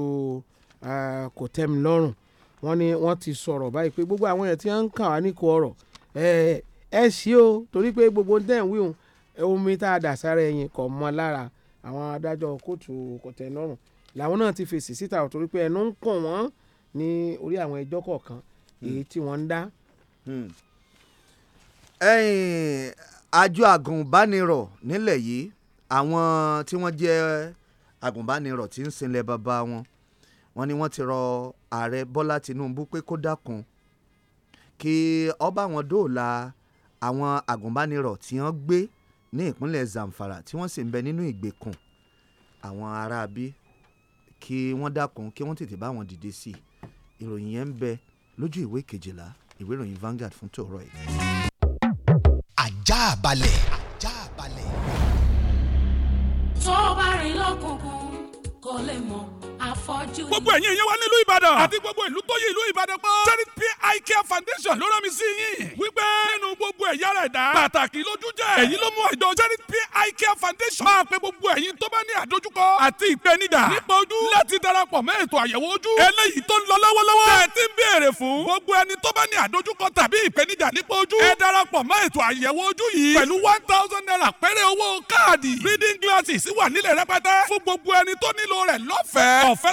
kò tẹ́ mi lọ́rùn wọ́n ní wọ́n ti sọ̀rọ̀ báyìí pé gbogbo àwọn èèyàn tí wọ́n ń kàn wá níkò ọ̀rọ̀ eh, ẹ sí o torí pé gbogbo dẹ́n wíhùn omi tá a dà sára ẹyin kò mọ́ lára àwọn adájọ́ kóòtù kò tẹ́ lọ́rùn làwọn náà ti fèsì síta torí pé ẹnu ń kàn wọ́n ní orí àwọn ẹjọ́ kọ̀ọ̀kan hmm. èyí tí wọ́n ń dá. Hmm. àjọ àgùnbánirọ̀ nílẹ̀ yìí àwọn tí wọ́n jẹ́ àgùnbánirọ̀ tí ń sinlẹ̀ bàbá wọn wọ́n ní wọ́n ti rọ ààrẹ Bọ́lá Tinubu pé kó dákun kí ọba wọn dóòlà àwọn àgùnbánirọ̀ tí wọ́n gbé ní ìpínlẹ̀ Zamfara tí wọ́n sì ń bẹ nínú ìgbèkùn àwọn aráabí kí wọ́n dákun kí wọ́n tètè bá wọn dìde sí i ìròyìn yẹn ń bẹ lójú ìwé kejìlá ìwé ìròyìn Vanguard fún tòórọ yìí. ajá balẹ̀. ajá balẹ̀. tó bá rìn lọ́kùnkùn kò lè mọ̀ afọ́jú gbogbo ẹ̀yin èèyàn wa nílùú ìbàdàn àti gbogbo ìlú tó yí ìlú ìbàdàn pọ̀. charity pay eye care foundation ló rán mi sí yín. wípé nínú gbogbo ẹ̀yà rẹ̀ dá. pàtàkì lójú jẹ́. èyí ló mú àjọ charity pay eye care foundation. máa pe gbogbo ẹ̀yin tó bá ní àdójúkọ àti ìpèníjà. nípa ojú láti darapọ̀ mẹ́ ètò àyẹ̀wò ojú. eléyìí tó ń lọ lọ́wọ́lọ́wọ́. ẹ ti ń béèrè fún. gbogbo ẹni tó bá ní àdójúkọ tàbí ìpèníjà nípa ojú. ẹ darapọ̀ mẹ́ ètò àyẹ̀wò ojú yìí. pẹ̀lú one thousand naira péré owó káàdì. reading glasses wà nílẹ̀ rẹpẹtẹ. fún gbogbo ẹni tó nílò rẹ̀ lọ́fẹ̀ẹ́. ọ̀fẹ́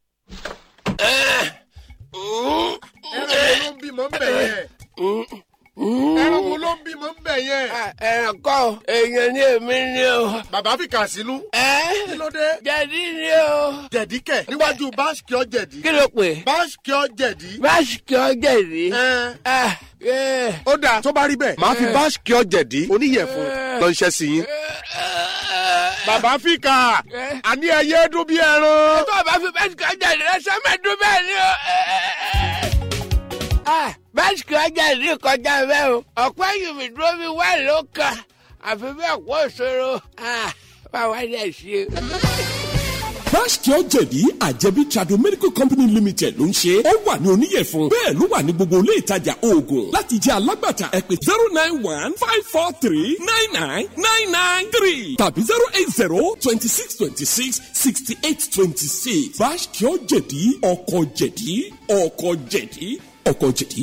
ẹran wo ló ń bímọ ń bẹ yẹn. ẹran wo ló ń bímọ ń bẹ yẹn. Ah, ẹran kọ́ èèyàn ni èmi ni o. bàbá fi kà sínú. ẹ kí ló dé. jẹ̀dí ni o. jẹ̀dí kẹ̀ níwájú báṣkì ọ jẹ̀dí. kí ló pè. báṣkì ọ jẹ̀dí. báṣkì ọ jẹ̀dí. ó dáa tó bá rí bẹ́ẹ̀. màá fi báṣkì ọ jẹ̀dí oníyẹ̀fun lọ sí yín bàbá fìkà eh? àní ẹyẹ dún bí ẹran. ẹtọ́ bá fi bẹ́ẹ̀sì kan jáde lọ́sẹ̀ mẹ́ẹ̀ẹ́dún bẹ́ẹ̀ ni o. Eh, eh, ah, bẹ́ẹ̀sì kan jáde ní kọjá bẹ́ẹ̀ o ọ̀pẹ́ yìí mi dúró mi wá ló kan àfi bẹ́ẹ̀ kó ìṣòro ah, báwa dẹ̀ ṣe cash tí ó jẹ̀dí àjẹbí trado medical company limited ló ń ṣe ó wà ní oníyẹ̀fún bẹ́ẹ̀ ló wà ní gbogbo ilé ìtajà oògùn láti jẹ́ alágbàtà ẹ pè zero nine one five four three nine nine nine nine three tàbí zero eight zero twenty six twenty six sixty eight twenty six cash tí ó jẹ̀dí ọkọ̀ jẹ̀dí ọkọ̀ jẹ̀dí ọkọ̀ jẹ̀dí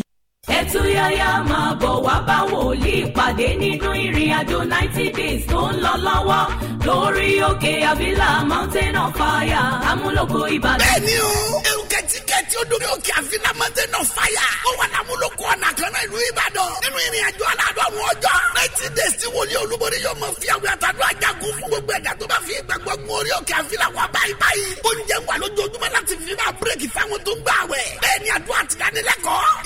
ẹtú yáyá máa bọ̀ wá bá wòlíì pàdé nínú ìrìn àjò ninety days tó ń lọ lọ́wọ́ lórí òkè àbílà mountain of fire amúlòkọ ìbàdàn. bẹ́ẹ̀ni o ẹrù kẹtíkẹtí ó dórí òkè àbílà mountain of fire ó wà lámúlòkọ ọ̀nà kan náà ìlú ìbàdàn nínú ìrìn àjò aládọ́run ọjọ́ ninety days tí wòlíì olúborí yóò mọ fi àwẹ̀ àtàdúrà ajagun fún gbogbo ẹ̀dá tó bá fi ìgbàgbọ́ gun orí òkè àfihàn wa báyìí báyìí oúnjẹ wà lójoojúmọ́ láti fi máa bírèkì fáwọn tó ń gbà wẹ̀ bẹ́ẹ̀ ni àdúrà ti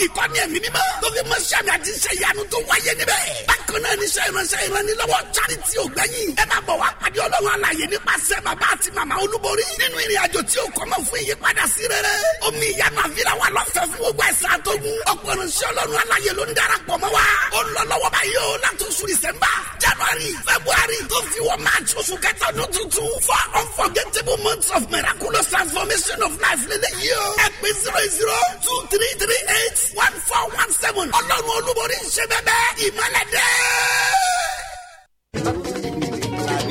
ìkọ́ni ẹ̀mí mímọ́ tó fi mọ sàmì àti iṣẹ́ ìyanu tó wáyé níbẹ̀ bákan náà níṣẹ́ ìránṣẹ́ ìrànlọ́wọ́ charity ògbẹ́yìn ẹ alálàyé ló ń darapọ̀ mọ́ wa. ó lọ lọ́wọ́ báyìí o láti oṣù dìsẹ́mbà january february tó fi wọ march oṣù kẹta ọdún tuntun four unforgettable months of miraculous transformation of life lélẹ̀ yìí o. ẹ pè zero zero two three three eight one four one seven ọlọ́run olúborí ń ṣe bẹ́ẹ̀ bẹ́ẹ̀ ìmọ̀lẹ́dẹ́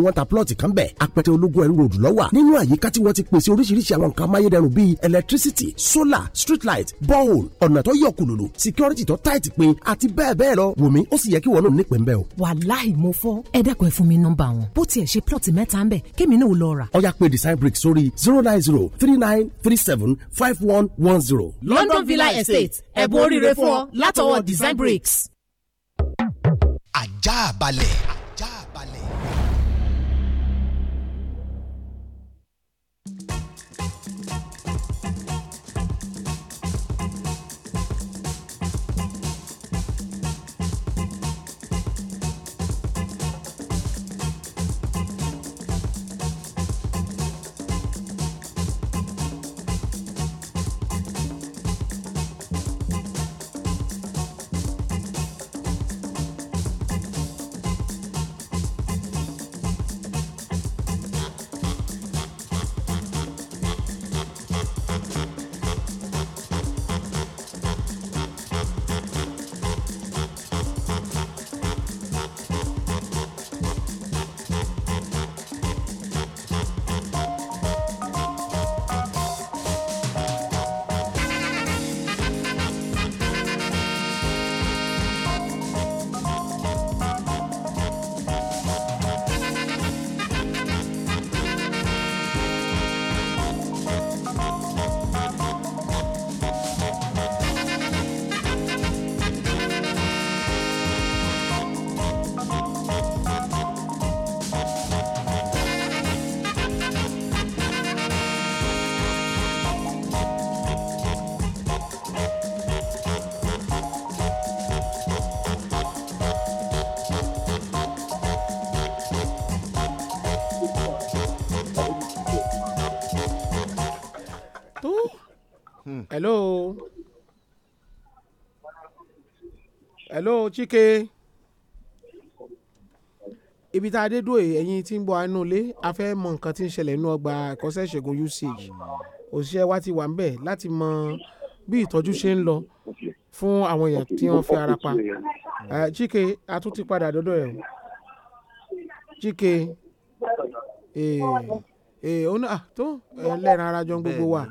ni wọ́n ta plọ̀tì kan bẹ̀ apẹtẹ ológun ẹ̀rú ròdù lọ́wà nínú àyíká tí wọ́n ti pèsè oríṣiríṣi àwọn nǹkan amáyédẹrùn bíi electricity solar street light borehole ọ̀nà tó yọ kùlùlù security tó tight pin àti bẹ́ẹ̀ bẹ́ẹ̀ lọ wùmí ó sì yẹ kí wọ́n lòun nípìn bẹ́ẹ̀ o. wàláì mo fọ ẹ dẹ́kun ẹ fún mi nọ́mbà wọn bó tiẹ̀ ṣe plọ̀tì mẹ́ta ń bẹ̀ kémi náà lọ rà. ọ̀yà pé design brick sórí zero nine zero three nine three seven five one one zero. London Villa Estate ẹ̀bùn oríire fún ọ látọwọ́ design bricks. ajá balẹ̀. hello hello Chike ibi tá a dé dúró ẹ̀yin tí ń bọ̀ inú ilé a fẹ́ mọ nǹkan tí ń ṣẹlẹ̀ nínú ọgbà ẹ̀kọ́ṣẹ́ ìṣègùn usage òṣìṣẹ́ wa ti wà ń bẹ̀ láti mọ bí ìtọ́jú ṣe ń lọ fún àwọn èèyàn tí wọ́n fi ara pa Chike a tún ti padà dọ́dọ̀ ẹ̀ Chike. Eh, Eh, ó ní àtó ah, eh, lẹ́ran ara jọ gbogbo wa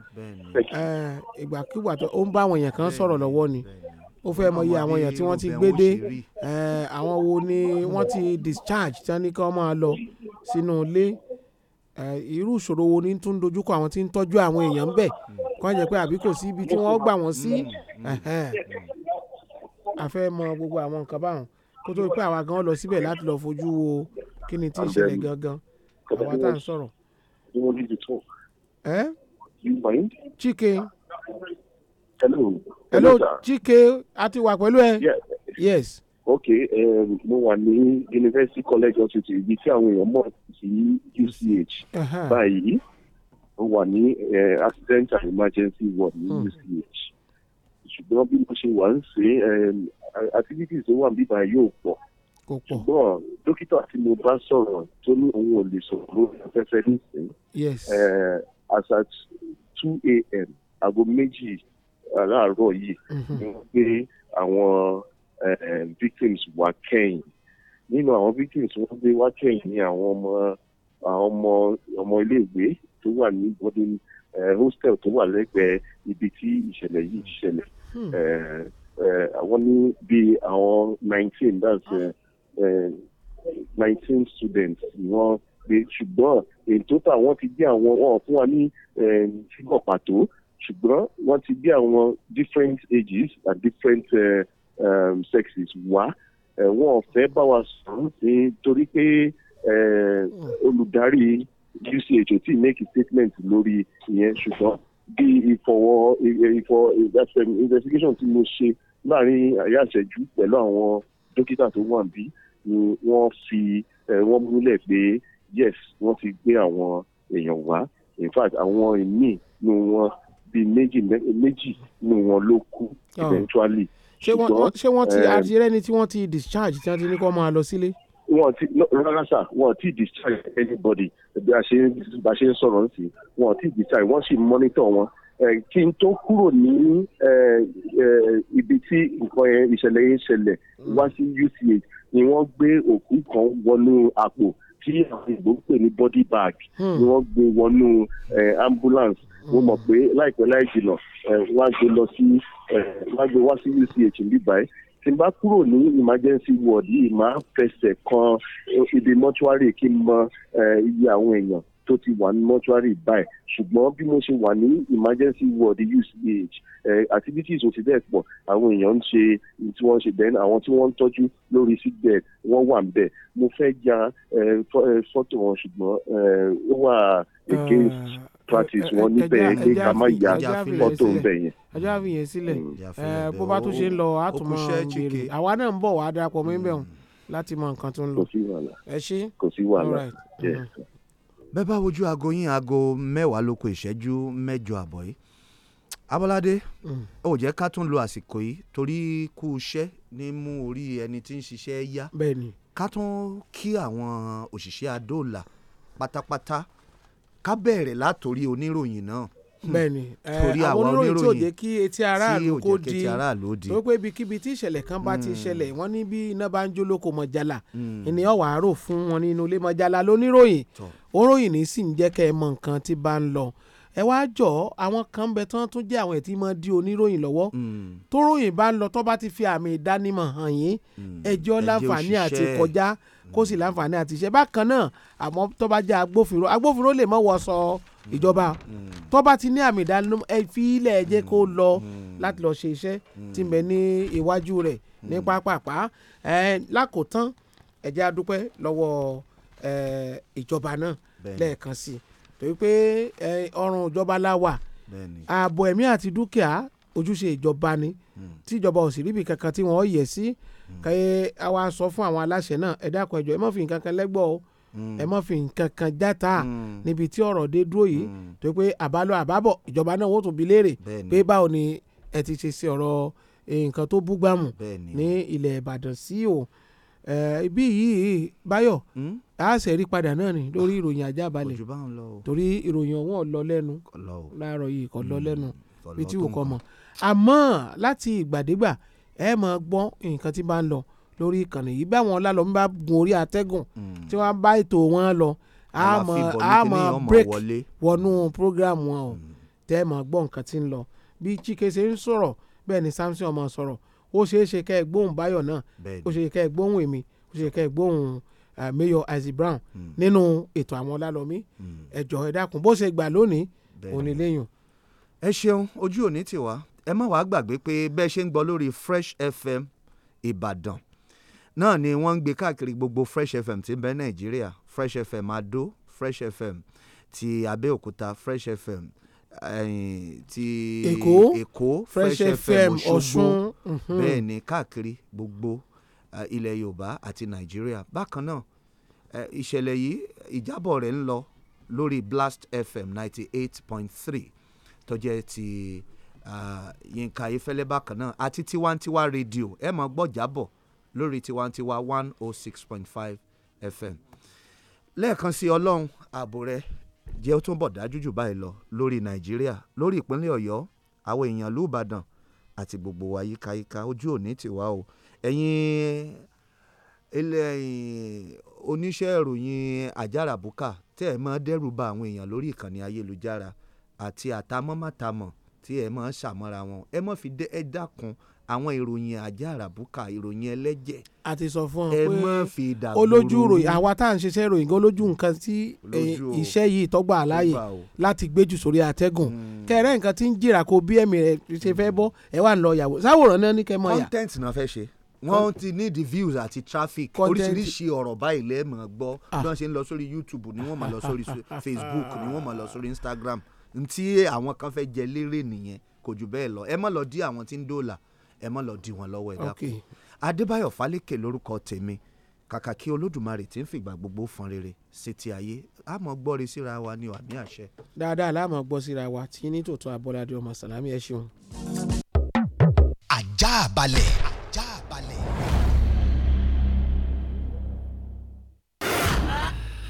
eh, ìgbàkigbà tó ó ń bá àwọn èèyàn kan sọ̀rọ̀ lọ́wọ́ ni ó fẹ́ mọ iye àwọn èèyàn tí wọ́n ti gbé dé àwọn wo ni wọ́n ti discharge tí wọ́n ní kí wọ́n máa lọ sínú ilé irú ìṣòro wo ni tún dojúkọ àwọn tí ń tọ́jú àwọn èèyàn ń bẹ̀ kó jẹ́ pé àbí kò sí ibi tí wọ́n gbà wọ́n sí mm, mm, mm, a fẹ́ mọ gbogbo àwọn nǹkan báwọn kó pé àwa gan lọ síbẹ̀ láti lọ fojú wo kí ni tí ń ṣẹlẹ̀ gangan àwa tá à ń sọ̀rọ̀. You want me to talk? Eh? You mind? Chike. Hello. Hello, Hello Chike. A ti wà pẹ̀lú Yes. Yes. Okay, um, mo wà ní University College Hospital ibi tí àwọn èèyàn mọ̀ sí UCH báyìí. Mo wà ní eh, Accident and Emergency Ward ní hmm. UCH. Ṣùgbọ́n bí mo ṣe wà ń ṣe um, activities tó wà níbà yóò pọ̀ kò pọ̀. ṣùgbọ́n dókítà tí mo bá sọ̀rọ̀ tó ní òun ò lè sọ̀rọ̀ lórí afẹ́fẹ́ nísìnyí. yes. as at two a.m. aago méjì aláàárọ̀ yìí mm-hmm. ni wọ́n gbé àwọn victims wá kẹ́yìn nínú àwọn victims wọ́n gbé wá kẹ́yìn ní àwọn ọmọ ọmọ ọmọ iléèwé tó wà ní boarding hostel tó wà lẹ́gbẹ̀ẹ́ ibi tí ìṣẹ̀lẹ̀ yìí ṣẹlẹ̀ hmm. àwọn ní bíi àwọn nineteen that's. Uh, Eh, nineteen students wọn pé ṣùgbọ́n ètò tà wọ́n ti gbé àwọn wọn fún wa ní eh, fígọ̀ pàtó ṣùgbọ́n wọ́n ti gbé àwọn different ages and different uh, um, sexes wá wọn ò fẹ́ bá wa sọ̀rọ̀ nítorí pé olùdarí UCH ò tí ì make a statement lórí ìyẹn ṣùgbọ́n bí ìfọwọ́ ìfọ investigation tí mo ṣe láàrin àyà ìṣẹ́jú pẹ̀lú àwọn dókítà tó wà níbí ni wọ́n fi wọ́n múlẹ̀ pé yes wọ́n ti gbé àwọn èèyàn wá in fact àwọn ìmíì nínú wọn bíi méjì méjì nínú wọn ló kú oh. eventually. ṣé wọ́n ti àti rẹ́ni tí wọ́n ti discharge tí wọ́n ti ní kó máa lọ sílé wọn ti rárá sà wọn ti discharge anybody bí a ṣe bá ṣe ń sọ̀rọ̀ sí wọn ti discharge wọ́n sì monitor wọn kí n tó kúrò ní ibi tí nǹkan yẹn ìṣẹ̀lẹ̀ yẹn ṣẹlẹ̀ mm. wá sí UCH ni wọ́n gbé òkú kan wọnú àpò tí àwọn ìbò ń pè ní body bag hmm. ni wọ́n gbé wọnú ambulance wọ́n hmm. mọ̀ pé láìpẹ́ láì jìnà wọ́n á gbé lọ sí wọ́n á gbé wá sí UCH níbàyí tí n bá kúrò ní emergency ward yìí máa ń fẹsẹ̀ kan ibi mọ́túárì kí n mọ iye àwọn èèyàn tó ti wà ní mọ́ṣúárì báyìí ṣùgbọ́n bí mo ṣe wà ní emergency ward uch activities ò fi bẹ́ẹ̀ pọ̀ àwọn èèyàn ń ṣe tí wọ́n ń ṣe then àwọn tí wọ́n ń tọ́jú lórí sick bed wọ́n wà ń bẹ̀ mo fẹ́ ya fọ́tò wọn ṣùgbọ́n ó wà against ah, practice wọn níbẹ̀ pé ká má ya fọ́tò ńbẹ̀ yẹn. ajá fi yẹn sílẹ̀ mm, bó bá tún ṣe ń lọ àtúmọ̀ béèrè àwa náà ń bọ̀ wá darapọ̀ mọ́ ẹ̀ńbẹ̀ mm. hàn láti mọ nǹkan tó ń lọ. kò sí wàhálà kò sí wàhálà bẹ́ẹ̀ bá wojú aago yín aago mẹ́wàá ló kù ìṣẹ́jú mẹ́jọ àbọ̀ yìí Abọ́ládé mm. ó jẹ́ ká tún lo àsìkò yìí torí kú iṣẹ́ ní mú orí ẹni tí ń ṣiṣẹ́ yá ká tún kí àwọn òṣìṣẹ́ adóòlà pátápátá ká bẹ̀rẹ̀ látòrí oníròyìn náà. Hmm. bẹ́ẹ̀ni torí àwọn oníròyìn tí ò jẹ́ kí etí aráàlú kó di tó pé ibikíbi tí ìṣẹ̀lẹ̀ kan bá ti hmm. ṣẹlẹ̀ wọ́n ní bí iná bá ń jó lóko mọ̀jálà ènìyàn hmm. wàá rò fún wọn nínú ilé mọ̀jálà lóníròyìn oníròyìn ní sì ń jẹ́ kẹ́ ẹ mọ nǹkan tí bá ń lọ ẹ wá jọ àwọn kan ń bẹ tán tún jẹ́ àwọn ẹtí máa di oníròyìn lọ́wọ́ tó ròyìn bá ń lọ tó bá ti fi àmì ìdánimọ̀ hàn yín ẹjọ́ láǹfààní àti kọjá kó sì láǹfààní àti iṣẹ́ bákan náà àmọ́ tó bá jẹ́ agbófinró agbófinró lè mọ wọ sọ. So, Mm. ìjọba tó bá ti ní àmì ìdánimọ̀ ẹ fi ilẹ̀ ẹ jẹ́ kó mm. lọ mm. láti lọ́ọ́ ṣe iṣẹ́ tí mẹ́ ní iwájú rẹ̀ ní pápápá lákòótán ẹ jẹ́ lọ́wọ́ ìjọba náà lẹ́ẹ̀kan sí i torí pé ọrùn ìjọba la wà ààbò ẹ̀mí àti dúkìá ojúṣe ìjọba ni tí ìjọba ò sì ríbi kankan tí wọ́n yẹ̀ sí kẹ́ àwa sọ fún àwọn aláṣẹ náà ẹ dákun ẹ ẹ má fi nǹkan kan lẹ́gbọ̀ọ́ Mm. ẹ má fi nǹkan kan játa mm. níbi tí ọ̀rọ̀ dé dúró yìí mm. tó pé àbálọ àbábọ̀ ìjọba náà wọ́n tún bi léèrè pé báwo ni ẹ ti ṣe sí ọ̀rọ̀ e, nǹkan tó búgbàmù ní ilẹ̀ Ìbàdàn sí o ibi yìí Báyọ̀ a ṣe rí padà náà ni lórí ìròyìn àjábalẹ̀ torí ìròyìn ọ̀hún ọ̀lọ́ lẹ́nu láàárọ̀ yìí kò lọ lẹ́nu bí tí wò kọ́ mọ̀ àmọ́ láti ìgbàdégbà ẹ máa gbọ́ nǹkan tí bá ń lọ lórí ìkànnì yìí bẹ́ẹ̀ wọn lálọ́ bá gun orí atẹ́gùn hmm. tí wọ́n bá ètò wọn lọ àmọ́ àmọ́ break wọnú program wọn o hmm. tẹ́ ẹ mọ̀ gbọ́ nǹkan tí ń lọ bí Chike ṣe ń sọ̀rọ̀ bẹ́ẹ̀ ni Samson ọmọ sọ̀rọ̀ ó ṣeé ṣe kẹ́ ẹ gbóhùn Báyọ̀ náà ó ṣe kẹ́ ẹ gbóhùn èmi ó ṣe kẹ́ ẹ gbóhùn Mayor Isaac Brown hmm. nínú ètò àwọn Ọlálọ́mí ẹ̀jọ̀ ẹ dákun bó ṣe gbà lónìí òun ni léyìn. ẹ ṣeun ojú òní tiwa ẹ má wàá gbàgbé pé bẹ́ẹ̀ ṣe ń gbọ́ lórí Fresh FM Ìbàdàn náà ni wọ́n ń gbé káàkiri gbogbo Fresh FM tí ń bẹ Nàìjíríà Fresh FM Ado Fresh FM ti Abẹ́òkúta Fresh FM ti Èkó Èkó Fresh FM Ọ̀ṣun mhm. bẹ́ẹ̀ ni káàkiri gbogbo ilẹ̀ Yorùbá àti Nàìjíríà bákan náà ìṣẹ̀lẹ̀ yìí ìjábọ̀ rẹ̀ ń lọ lórí Blast FM ninety eight point three tó jẹ́ ti Yínká Ayéfẹ́lẹ́ bákan náà àti Tiwantiwa rédíò ẹ̀ mọ̀ gbọ́jábọ̀ 105.9 lórí tiwantiwa one oh six point five fm lẹ́ẹ̀kan sí ọlọ́run ààbò rẹ jẹ́ ó tún bọ̀ dájú jù báyìí lọ lórí nàìjíríà lórí ìpínlẹ̀ ọ̀yọ́ àwọn èèyàn ìlú ìbàdàn àti gbogbo wa yíkayíka ojú òní tiwa o ẹ̀yin ilẹ̀ oníṣẹ́ ìròyìn àjàràbùkà tẹ́ ẹ̀ máa dẹ́rù ba àwọn èèyàn lórí ìkànnì ayélujára àti àtàmọ́mátàmọ́ tí ẹ máa ń ṣàmọ́ra wọn ẹ má fi dé ẹ dákun àwọn ìròyìn àjẹ́ àràbùkà ìròyìn ẹlẹ́jẹ̀. a ti sọ fún ọ pé olójú ìròyìn àwa tá à ń ṣiṣẹ́ ìròyìn gan olójú nǹkan tí iṣẹ́ yìí tọ́gbà àláyè láti gbéjù sórí àtẹ́gùn hmm. kẹrẹ́ nǹkan tí ń jìrà kó bí ẹ̀mí rẹ̀ ṣe fẹ́ hmm. bọ́ ẹ̀ wà lọ yàwó sáwòrán náà ní kẹ́ mọ́ yà. content náà fẹ́ ṣe wọ́n ti ní the views àti traffic oríṣiríṣi ọ̀rọ̀ báyìí lẹ́ẹ̀mọ̀ gbọ́ ah. bí wọ́n ṣe ń lọ sórí YouTube ni wọ́n máa lọ sórí (laughs) Facebook ni wọ́n máa lọ sórí Instagram ntí àwọn kan fẹ́ jẹ lérè nìyẹn kò jù bẹ́ẹ̀ lọ ẹ má lọ dí àwọn tí ń dóòlà ẹ mọ́ lọ di wọn lọ́wọ́ ẹ dákun Adébáyọ̀ Fálékè lórúkọ tèmi kàkà kí olódùmarè tí ń fìgbà gbogbo fọn rere sí ayé a mọ̀ síra wa ni àmì àṣẹ. dáadáa la gbọ́ síra wa tí ní tòótọ́ abọ́ládé ọmọ sàlámì ẹ ṣeun. ajá balẹ̀.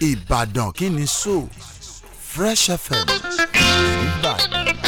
ìbàdàn kí ni so Fresh FM ìbàdàn.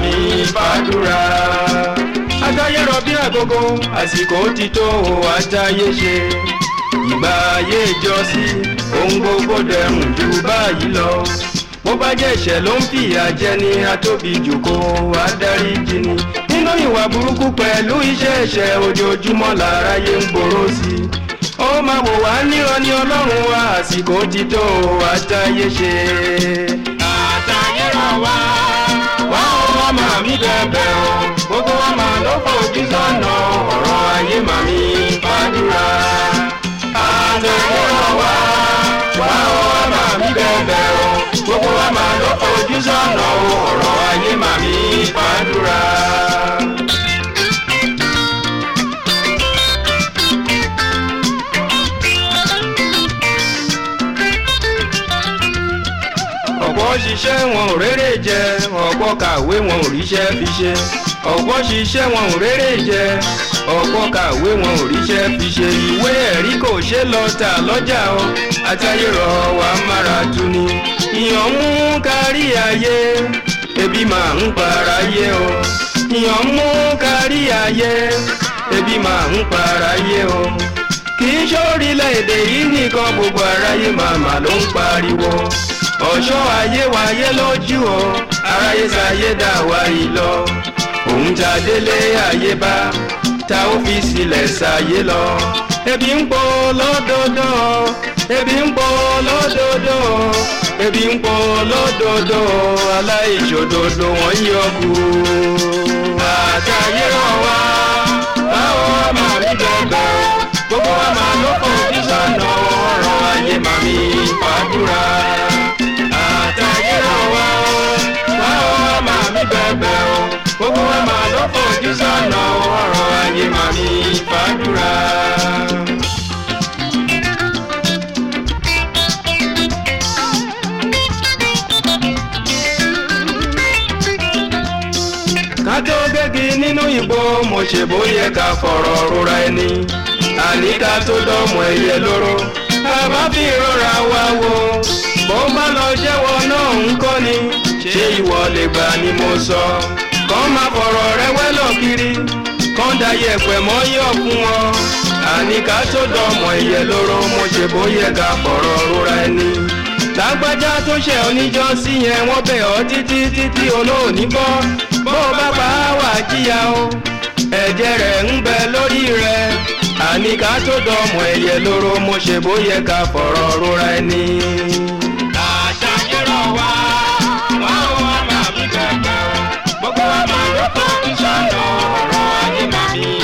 mi fàdúrà. ajáyé rọbí àgógó àsìkò ti tó o ajáyé ṣe. ìgbà ayé ìjọsí ohun gbogbo dẹrùn ju báyìí lọ. bó bá jẹ́ ìṣẹ̀ ló ń fìyà jẹ ni atóbi jòkó adarí jìnnì. nínú ìwà burúkú pẹ̀lú iṣẹ́ ẹ̀ṣẹ̀ ojoojúmọ́ làráyé ń gbòòrò sí i ó máa wò wá níran ní ọlọ́run wa àsìkò ti tó àtayé ṣe. àtayé rọ̀ wá báwo má màmí dẹ̀bẹ̀ o gbogbo wa máa ló fojú sọ́nà ọ̀rọ̀ ayé màmí fàdúrà. àtẹ̀wọ́rọ̀ wa báwo má màmí dẹ̀bẹ̀ o gbogbo wa máa ló fojú sọ́nà ọ̀rọ̀ ayé màmí fàdúrà. ṣiṣẹ́ wọn ò rérè jẹ ọ̀pọ̀ kàwé wọn ò ríṣẹ́ fi ṣe ọ̀pọ̀ ṣiṣẹ́ wọn ò rérè jẹ ọ̀pọ̀ kàwé wọn ò ríṣẹ́ fi ṣe ìwé ẹ̀rí kò ṣe lọ tà lọ́jà o àtayérọ̀ wa mára tu ni ìyàn mú kárí ayé ebi máa ń para ayé o ìyàn mú kárí ayé ebi máa ń para ayé o kì í ṣe orílẹ̀-èdè yìí nìkan gbogbo aráyé màmá ló ń pariwo ọ̀ṣọ́ ayé wáyé lójú o aráyé sáyé dá wa yìí lọ òun ta délé ayé bá ta ọ́fíìsì lẹ̀ sáyé lọ ebi ń pọ̀ lọ́dọọdọ́ ebi ń pọ̀ lọ́dọọdọ́ ebi ń pọ̀ lọ́dọọdọ́ aláìṣòdodo wọ́n yọ kú. àtàyé rọ̀ wá báwo máa rí dọ̀gbọ̀n gbogbo wa máa lọ́kọ̀ọ́ bí. gbogbo wa máa lọ́kọ̀ ojú sọ́nà ọ̀rọ̀ ayé màmí fàdúrà. ká tó gbégi nínú ìbò mo ṣe bóyá ká fọ̀rọ̀ rora ẹni àníkà tó dọ́mọ ẹyẹ lóró bá fi ìrora wa wo bó bá lọ jẹ́wọ́ náà ń kọ́ ni ṣé ìwọ lè gbà ni mo sọ. kàn máa fọ̀rọ̀ rẹwẹ́lọ̀ kiri kàn da yẹ̀pẹ̀ mọ́ yọ̀ fún wọn àníkà tó dọ̀mọ̀ ìyẹ lóró mo ṣe bóyẹ ká fọ̀rọ̀ rora ẹni. lágbájá tó ṣe oníjọ́ sí yẹn wọ́n bẹ̀ ọ́ títí títí olóòní bọ́ bó bá bá wà jíya o ẹ̀jẹ̀ rẹ̀ ń bẹ lórí rẹ̀ àníkà tó dọ̀mọ̀ ìyẹ lóró mo ṣe bóyẹ ká fọ̀rọ̀ rora ẹni. Yeah.